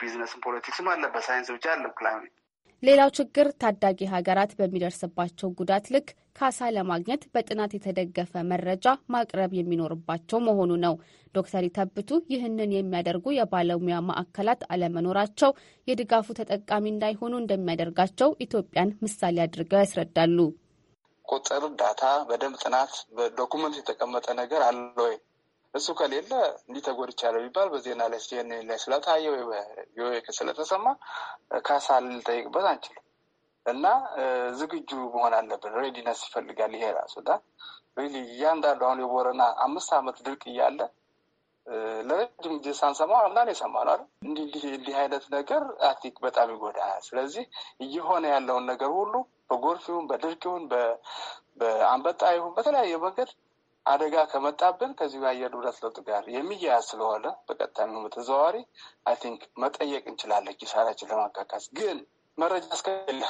ቢዝነስም ፖለቲክስም አለ። በሳይንስ ብቻ አለ ክላይሜት። ሌላው ችግር ታዳጊ ሀገራት በሚደርስባቸው ጉዳት ልክ ካሳ ለማግኘት በጥናት የተደገፈ መረጃ ማቅረብ የሚኖርባቸው መሆኑ ነው። ዶክተር ይተብቱ ይህንን የሚያደርጉ የባለሙያ ማዕከላት አለመኖራቸው የድጋፉ ተጠቃሚ እንዳይሆኑ እንደሚያደርጋቸው ኢትዮጵያን ምሳሌ አድርገው ያስረዳሉ። ቁጥር፣ ዳታ፣ በደንብ ጥናት፣ በዶኩመንት የተቀመጠ ነገር አለ ወይ? እሱ ከሌለ እንዲህ ተጎድቻለሁ ቢባል በዜና ላይ ሲኤንኤን ላይ ስለታየ ወይ ስለተሰማ ካሳ ልንጠይቅበት አንችልም። እና ዝግጁ መሆን አለብን። ሬዲነስ ይፈልጋል። ይሄ ራሱ እያንዳንዱ አሁን የቦረና አምስት አመት ድርቅ እያለ ለረጅም ጊዜ ሳንሰማ አምናን የሰማ ነው አይደል? እንዲህ እንዲህ አይነት ነገር አቲክ በጣም ይጎዳል። ስለዚህ እየሆነ ያለውን ነገር ሁሉ በጎርፍ ይሁን በድርቅ ይሁን በአንበጣ ይሁን በተለያየ መንገድ አደጋ ከመጣብን ከዚሁ የአየር ንብረት ለውጥ ጋር የሚያያዝ ስለሆነ በቀጥታ የሚሆን ተዘዋዋሪ አይ ቲንክ መጠየቅ እንችላለን ኪሳራችን ለማካካስ ግን መረጃ እስከሌለ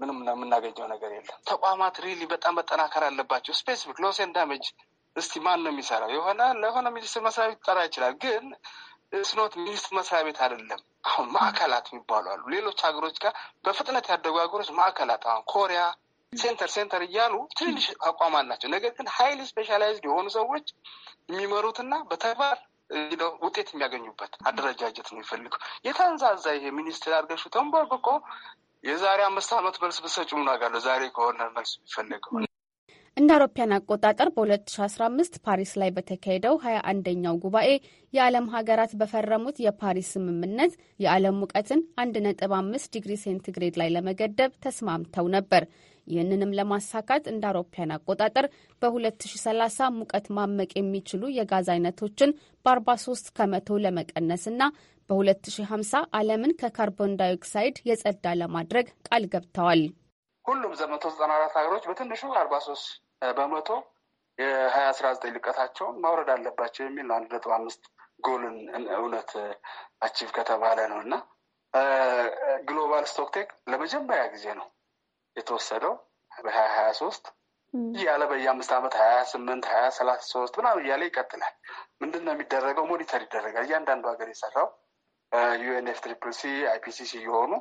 ምንም የምናገኘው ነገር የለም። ተቋማት ሪሊ በጣም መጠናከር አለባቸው። ስፔሲፊክ ሎሴን ዳሜጅ እስቲ ማን ነው የሚሰራው? የሆነ ለሆነ ሚኒስትር መስሪያ ቤት ጠራ ይችላል፣ ግን እስኖት ሚኒስትር መስሪያ ቤት አይደለም። አሁን ማዕከላት የሚባሉ አሉ። ሌሎች ሀገሮች ጋር በፍጥነት ያደጉ ሀገሮች ማዕከላት አሁን ኮሪያ ሴንተር ሴንተር እያሉ ትንሽ አቋም አላቸው። ነገር ግን ሀይሊ ስፔሻላይዝድ የሆኑ ሰዎች የሚመሩትና በተግባር ውጤት የሚያገኙበት አደረጃጀት ነው የሚፈልገው። የተንዛዛ ይሄ ሚኒስትር አድርገሹ ተንበርብቆ የዛሬ አምስት ዓመት መልስ ብሰጭ ምን አውቃለሁ። ዛሬ ከሆነ መልስ የሚፈለገው እንደ አውሮፓያን አቆጣጠር በ2015 ፓሪስ ላይ በተካሄደው 21ኛው ጉባኤ የዓለም ሀገራት በፈረሙት የፓሪስ ስምምነት የዓለም ሙቀትን 1.5 ዲግሪ ሴንቲግሬድ ላይ ለመገደብ ተስማምተው ነበር። ይህንንም ለማሳካት እንደ አውሮፓያን አቆጣጠር በ2030 ሙቀት ማመቅ የሚችሉ የጋዝ አይነቶችን በ43 ከመቶ ለመቀነስና በ2050 ዓለምን ከካርቦን ዳይኦክሳይድ የጸዳ ለማድረግ ቃል ገብተዋል። ሁሉም ዘመቶ 94 ሀገሮች በትንሹ 43 በመቶ የ2019 ልቀታቸውን ማውረድ አለባቸው የሚል አንድ ነጥብ አምስት ጎልን እውነት አቺቭ ከተባለ ነው እና ግሎባል ስቶክቴክ ለመጀመሪያ ጊዜ ነው የተወሰደው በሀያ ሀያ ሶስት ይህ ያለ በየአምስት ዓመት ሀያ ስምንት ሀያ ሰላሳ ሶስት ምናምን እያለ ይቀጥላል። ምንድን ነው የሚደረገው? ሞኒተር ይደረጋል። እያንዳንዱ ሀገር የሰራው ዩኤንኤፍ ትሪፕልሲ አይፒሲሲ የሆኑ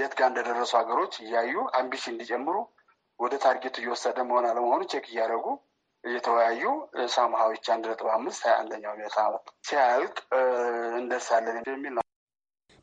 የት ጋር እንደደረሱ ሀገሮች እያዩ አምቢሽን እንዲጨምሩ ወደ ታርጌቱ እየወሰደ መሆን አለመሆኑ ቼክ እያደረጉ እየተወያዩ ሳምሃዎች አንድ ነጥብ አምስት ሀያ አንደኛው ዓመት ሲያልቅ እንደርሳለን የሚል ነው።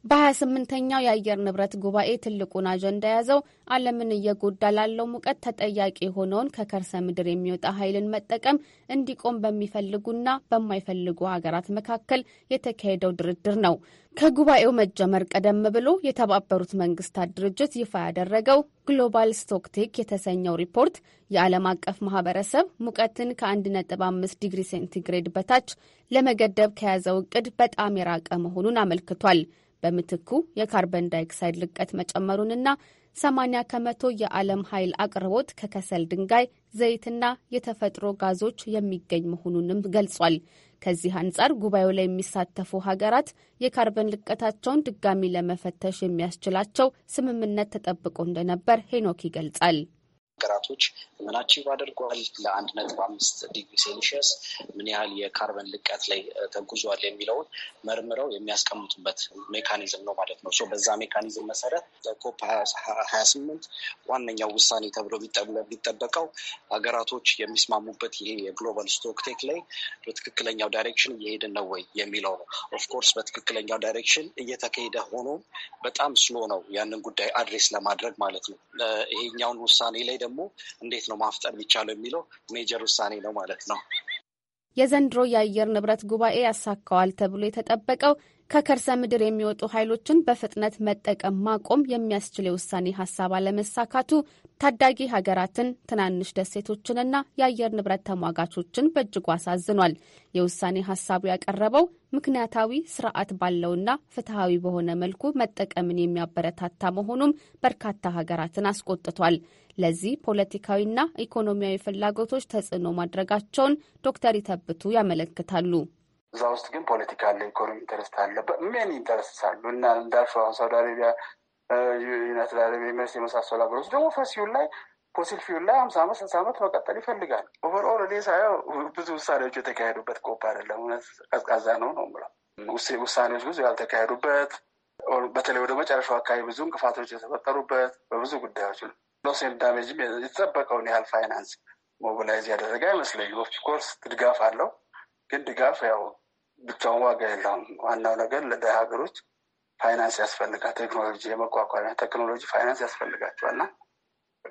በ28ኛው የአየር ንብረት ጉባኤ ትልቁን አጀንዳ የያዘው ዓለምን እየጎዳ ላለው ሙቀት ተጠያቂ የሆነውን ከከርሰ ምድር የሚወጣ ኃይልን መጠቀም እንዲቆም በሚፈልጉና በማይፈልጉ ሀገራት መካከል የተካሄደው ድርድር ነው። ከጉባኤው መጀመር ቀደም ብሎ የተባበሩት መንግስታት ድርጅት ይፋ ያደረገው ግሎባል ስቶክቴክ የተሰኘው ሪፖርት የዓለም አቀፍ ማህበረሰብ ሙቀትን ከ1.5 ዲግሪ ሴንቲግሬድ በታች ለመገደብ ከያዘው እቅድ በጣም የራቀ መሆኑን አመልክቷል። በምትኩ የካርበን ዳይኦክሳይድ ልቀት መጨመሩንና 80 ከመቶ የዓለም ኃይል አቅርቦት ከከሰል ድንጋይ ዘይትና የተፈጥሮ ጋዞች የሚገኝ መሆኑንም ገልጿል። ከዚህ አንጻር ጉባኤው ላይ የሚሳተፉ ሀገራት የካርበን ልቀታቸውን ድጋሚ ለመፈተሽ የሚያስችላቸው ስምምነት ተጠብቆ እንደነበር ሄኖክ ይገልጻል። ሀገራቶች ምን አቺቭ አድርጓል፣ ለአንድ ነጥብ አምስት ዲግሪ ሴልሺየስ ምን ያህል የካርበን ልቀት ላይ ተጉዟል የሚለውን መርምረው የሚያስቀምጡበት ሜካኒዝም ነው ማለት ነው። በዛ ሜካኒዝም መሰረት ኮፕ ሀያ ስምንት ዋነኛው ውሳኔ ተብሎ ቢጠበቀው ሀገራቶች የሚስማሙበት ይሄ የግሎባል ስቶክቴክ ላይ በትክክለኛው ዳይሬክሽን እየሄድን ነው ወይ የሚለው ነው። ኦፍኮርስ በትክክለኛው ዳይሬክሽን እየተካሄደ ሆኖ በጣም ስሎ ነው ያንን ጉዳይ አድሬስ ለማድረግ ማለት ነው። ይሄኛውን ውሳኔ ላይ ደግሞ እንዴት ነው ማፍጠር ቢቻለው የሚለው ሜጀር ውሳኔ ነው ማለት ነው። የዘንድሮ የአየር ንብረት ጉባኤ ያሳካዋል ተብሎ የተጠበቀው ከከርሰ ምድር የሚወጡ ኃይሎችን በፍጥነት መጠቀም ማቆም የሚያስችል የውሳኔ ሀሳብ አለመሳካቱ ታዳጊ ሀገራትን ትናንሽ ደሴቶችንና የአየር ንብረት ተሟጋቾችን በእጅጉ አሳዝኗል። የውሳኔ ሀሳቡ ያቀረበው ምክንያታዊ ስርዓት ባለውና ፍትሐዊ በሆነ መልኩ መጠቀምን የሚያበረታታ መሆኑም በርካታ ሀገራትን አስቆጥቷል። ለዚህ ፖለቲካዊና ኢኮኖሚያዊ ፍላጎቶች ተጽዕኖ ማድረጋቸውን ዶክተር ይተብቱ ያመለክታሉ። እዛ ውስጥ ግን ፖለቲካ አለ፣ ኢኮኖሚ ኢንተረስት አለ። ሜን ኢንተረስት አሉ እና እንዳልሽው አሁን ሳውዲ አረቢያ፣ ዩናይትድ አረብ ኤምሬትስ የመሳሰሉ ሀገሮች ደግሞ ፈሲዩን ላይ ፎሲል ፊዩል ላይ ሀምሳ አመት ስልሳ አመት መቀጠል ይፈልጋል። ኦቨርኦል እኔ ሳየው ብዙ ውሳኔዎች የተካሄዱበት ኮፕ አይደለም። እውነት ቀዝቃዛ ነው ነው ብለው ውሳኔዎች ብዙ ያልተካሄዱበት በተለይ ወደ መጨረሻው አካባቢ ብዙ እንቅፋቶች የተፈጠሩበት በብዙ ጉዳዮች ሎሴል ሎስ ዳሜጅም የተጠበቀውን ያህል ፋይናንስ ሞቢላይዝ ያደረገ አይመስለኝም። ኦፍኮርስ ድጋፍ አለው፣ ግን ድጋፍ ያው ብቻውን ዋጋ የለውም። ዋናው ነገር ለደ ሀገሮች ፋይናንስ ያስፈልጋል። ቴክኖሎጂ የመቋቋሚያ ቴክኖሎጂ ፋይናንስ ያስፈልጋቸዋል እና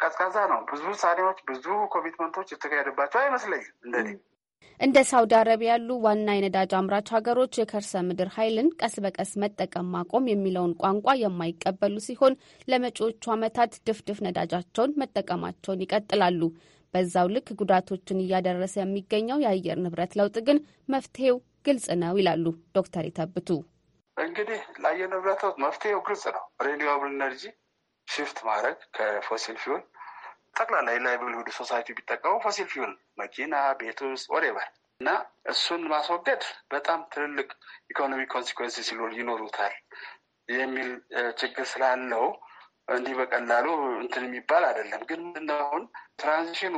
ቀዝቃዛ ነው። ብዙ ሳኔዎች ብዙ ኮሚትመንቶች የተካሄደባቸው አይመስለኝም እንደኔ እንደ ሳውዲ አረቢያ ያሉ ዋና የነዳጅ አምራች ሀገሮች የከርሰ ምድር ኃይልን ቀስ በቀስ መጠቀም ማቆም የሚለውን ቋንቋ የማይቀበሉ ሲሆን ለመጪዎቹ ዓመታት ድፍድፍ ነዳጃቸውን መጠቀማቸውን ይቀጥላሉ። በዛው ልክ ጉዳቶችን እያደረሰ የሚገኘው የአየር ንብረት ለውጥ ግን መፍትሄው ግልጽ ነው ይላሉ ዶክተር የታብቱ። እንግዲህ ለአየር ንብረት ለውጥ መፍትሄው ግልጽ ነው። ሬኒዋብል ኤነርጂ ሽፍት ማድረግ ከፎሲል ፊውል ጠቅላላ የላይብሊሁድ ሶሳይቲ ቢጠቀሙ ፎሲል ፊውል መኪና፣ ቤት ውስጥ ወደበር እና እሱን ማስወገድ በጣም ትልልቅ ኢኮኖሚ ኮንሲኮንስ ሲሉ ይኖሩታል የሚል ችግር ስላለው እንዲህ በቀላሉ እንትን የሚባል አይደለም። ግን ምንድን ነው አሁን ትራንዚሽኑ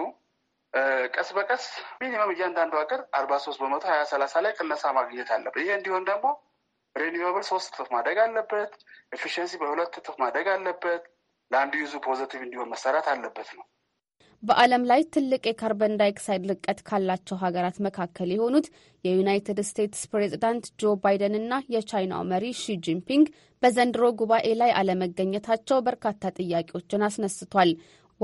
ቀስ በቀስ ሚኒመም እያንዳንዱ ሀገር አርባ ሶስት በመቶ ሀያ ሰላሳ ላይ ቅነሳ ማግኘት አለበት። ይሄ እንዲሆን ደግሞ ሬኒዌብል ሶስት እጥፍ ማደግ አለበት። ኤፊሽንሲ በሁለት እጥፍ ማደግ አለበት። ለአንዱ ዩዙ ፖዘቲቭ እንዲሆን መሰራት አለበት ነው። በዓለም ላይ ትልቅ የካርበን ዳይኦክሳይድ ልቀት ካላቸው ሀገራት መካከል የሆኑት የዩናይትድ ስቴትስ ፕሬዝዳንት ጆ ባይደን እና የቻይናው መሪ ሺ ጂንፒንግ በዘንድሮ ጉባኤ ላይ አለመገኘታቸው በርካታ ጥያቄዎችን አስነስቷል።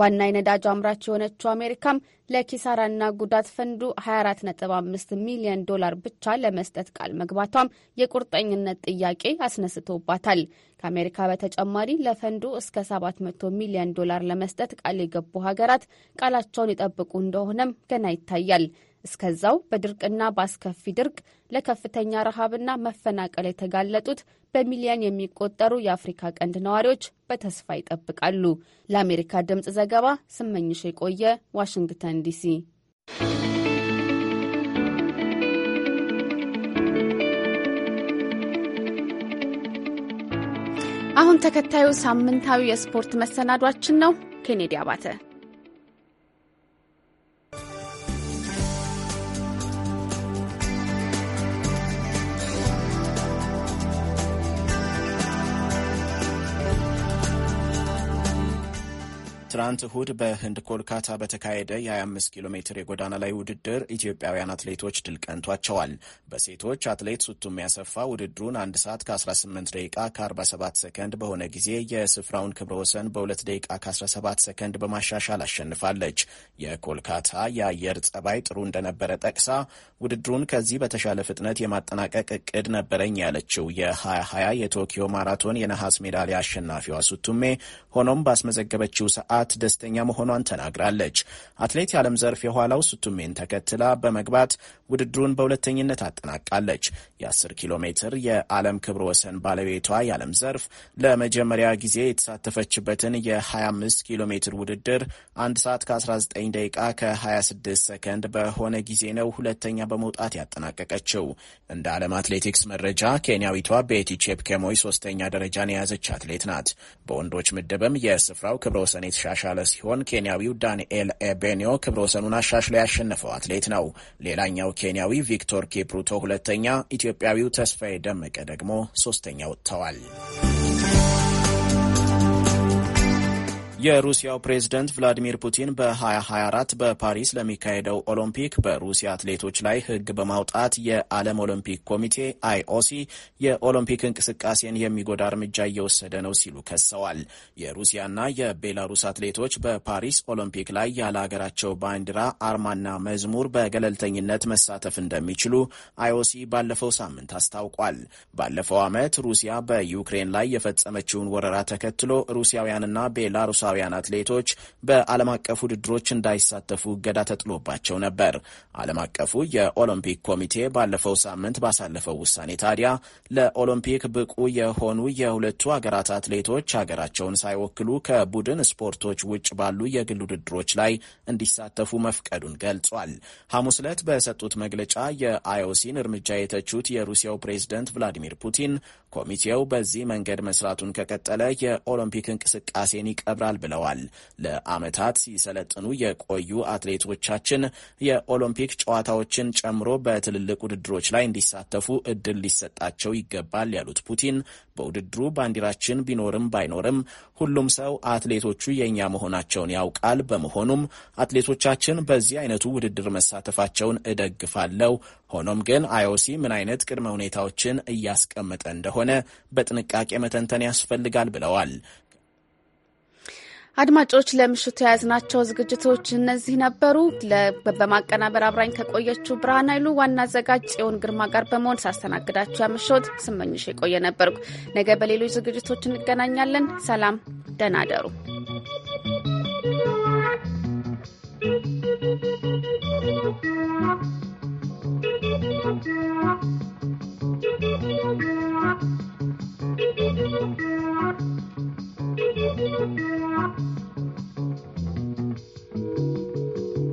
ዋና የነዳጅ አምራች የሆነችው አሜሪካም ለኪሳራና ጉዳት ፈንዱ 245 ሚሊዮን ዶላር ብቻ ለመስጠት ቃል መግባቷም የቁርጠኝነት ጥያቄ አስነስቶባታል። ከአሜሪካ በተጨማሪ ለፈንዱ እስከ 700 ሚሊዮን ዶላር ለመስጠት ቃል የገቡ ሀገራት ቃላቸውን ይጠብቁ እንደሆነም ገና ይታያል። እስከዛው በድርቅና በአስከፊ ድርቅ ለከፍተኛ ረሃብና መፈናቀል የተጋለጡት በሚሊዮን የሚቆጠሩ የአፍሪካ ቀንድ ነዋሪዎች በተስፋ ይጠብቃሉ። ለአሜሪካ ድምፅ ዘገባ ስመኝሽ የቆየ ዋሽንግተን ዲሲ። አሁን ተከታዩ ሳምንታዊ የስፖርት መሰናዷችን ነው። ኬኔዲ አባተ ትናንት እሁድ በህንድ ኮልካታ በተካሄደ የ25 ኪሎ ሜትር የጎዳና ላይ ውድድር ኢትዮጵያውያን አትሌቶች ድል ቀንቷቸዋል። በሴቶች አትሌት ሱቱሜ ያሰፋ ውድድሩን 1 ሰዓት ከ18 ደቂቃ ከ47 ሰከንድ በሆነ ጊዜ የስፍራውን ክብረ ወሰን በ2 ደቂቃ ከ17 ሰከንድ በማሻሻል አሸንፋለች። የኮልካታ የአየር ጸባይ ጥሩ እንደነበረ ጠቅሳ ውድድሩን ከዚህ በተሻለ ፍጥነት የማጠናቀቅ እቅድ ነበረኝ ያለችው የ2020 የቶኪዮ ማራቶን የነሐስ ሜዳሊያ አሸናፊዋ ሱቱሜ ሆኖም ባስመዘገበችው ሰዓት በመግባት ደስተኛ መሆኗን ተናግራለች። አትሌት የዓለም ዘርፍ የኋላው ስቱሜን ተከትላ በመግባት ውድድሩን በሁለተኝነት አጠናቃለች። የ10 ኪሎ ሜትር የዓለም ክብረ ወሰን ባለቤቷ የዓለም ዘርፍ ለመጀመሪያ ጊዜ የተሳተፈችበትን የ25 ኪሎ ሜትር ውድድር 1 ሰዓት ከ19 ደቂቃ ከ26 ሰከንድ በሆነ ጊዜ ነው ሁለተኛ በመውጣት ያጠናቀቀችው። እንደ ዓለም አትሌቲክስ መረጃ ኬንያዊቷ ቤቲ ቼፕ ኬሞይ ሶስተኛ ደረጃን የያዘች አትሌት ናት። በወንዶች ምድብም የስፍራው ክብረ ወሰን የተሻ ያሻለ ሲሆን ኬንያዊው ዳንኤል ኤቤኒዮ ክብረ ወሰኑን አሻሽሎ ያሸነፈው አትሌት ነው። ሌላኛው ኬንያዊ ቪክቶር ኬፕሩቶ ሁለተኛ፣ ኢትዮጵያዊው ተስፋዬ ደመቀ ደግሞ ሶስተኛ ወጥተዋል። የሩሲያው ፕሬዝደንት ቭላዲሚር ፑቲን በ2024 በፓሪስ ለሚካሄደው ኦሎምፒክ በሩሲያ አትሌቶች ላይ ሕግ በማውጣት የዓለም ኦሎምፒክ ኮሚቴ አይኦሲ የኦሎምፒክ እንቅስቃሴን የሚጎዳ እርምጃ እየወሰደ ነው ሲሉ ከሰዋል። የሩሲያና የቤላሩስ አትሌቶች በፓሪስ ኦሎምፒክ ላይ ያለ ሀገራቸው ባንዲራ አርማና መዝሙር በገለልተኝነት መሳተፍ እንደሚችሉ አይኦሲ ባለፈው ሳምንት አስታውቋል። ባለፈው ዓመት ሩሲያ በዩክሬን ላይ የፈጸመችውን ወረራ ተከትሎ ሩሲያውያንና ቤላሩሳ ኢትዮጵያውያን አትሌቶች በዓለም አቀፍ ውድድሮች እንዳይሳተፉ እገዳ ተጥሎባቸው ነበር። ዓለም አቀፉ የኦሎምፒክ ኮሚቴ ባለፈው ሳምንት ባሳለፈው ውሳኔ ታዲያ ለኦሎምፒክ ብቁ የሆኑ የሁለቱ አገራት አትሌቶች ሀገራቸውን ሳይወክሉ ከቡድን ስፖርቶች ውጭ ባሉ የግል ውድድሮች ላይ እንዲሳተፉ መፍቀዱን ገልጿል። ሐሙስ ዕለት በሰጡት መግለጫ የአይኦሲን እርምጃ የተቹት የሩሲያው ፕሬዝደንት ቭላዲሚር ፑቲን ኮሚቴው በዚህ መንገድ መስራቱን ከቀጠለ የኦሎምፒክ እንቅስቃሴን ይቀብራል ብለዋል። ለአመታት ሲሰለጥኑ የቆዩ አትሌቶቻችን የኦሎምፒክ ጨዋታዎችን ጨምሮ በትልልቅ ውድድሮች ላይ እንዲሳተፉ እድል ሊሰጣቸው ይገባል ያሉት ፑቲን በውድድሩ ባንዲራችን ቢኖርም ባይኖርም ሁሉም ሰው አትሌቶቹ የእኛ መሆናቸውን ያውቃል። በመሆኑም አትሌቶቻችን በዚህ አይነቱ ውድድር መሳተፋቸውን እደግፋለሁ ሆኖም ግን አይኦሲ ምን አይነት ቅድመ ሁኔታዎችን እያስቀመጠ እንደሆነ በጥንቃቄ መተንተን ያስፈልጋል ብለዋል። አድማጮች ለምሽቱ የያዝናቸው ዝግጅቶች እነዚህ ነበሩ። በማቀናበር አብራኝ ከቆየችው ብርሃን ኃይሉ፣ ዋና አዘጋጅ ጽዮን ግርማ ጋር በመሆን ሳስተናግዳችሁ ያመሸሁት ስመኝሽ የቆየ ነበርኩ። ነገ በሌሎች ዝግጅቶች እንገናኛለን። ሰላም፣ ደህና አደሩ። Thank you.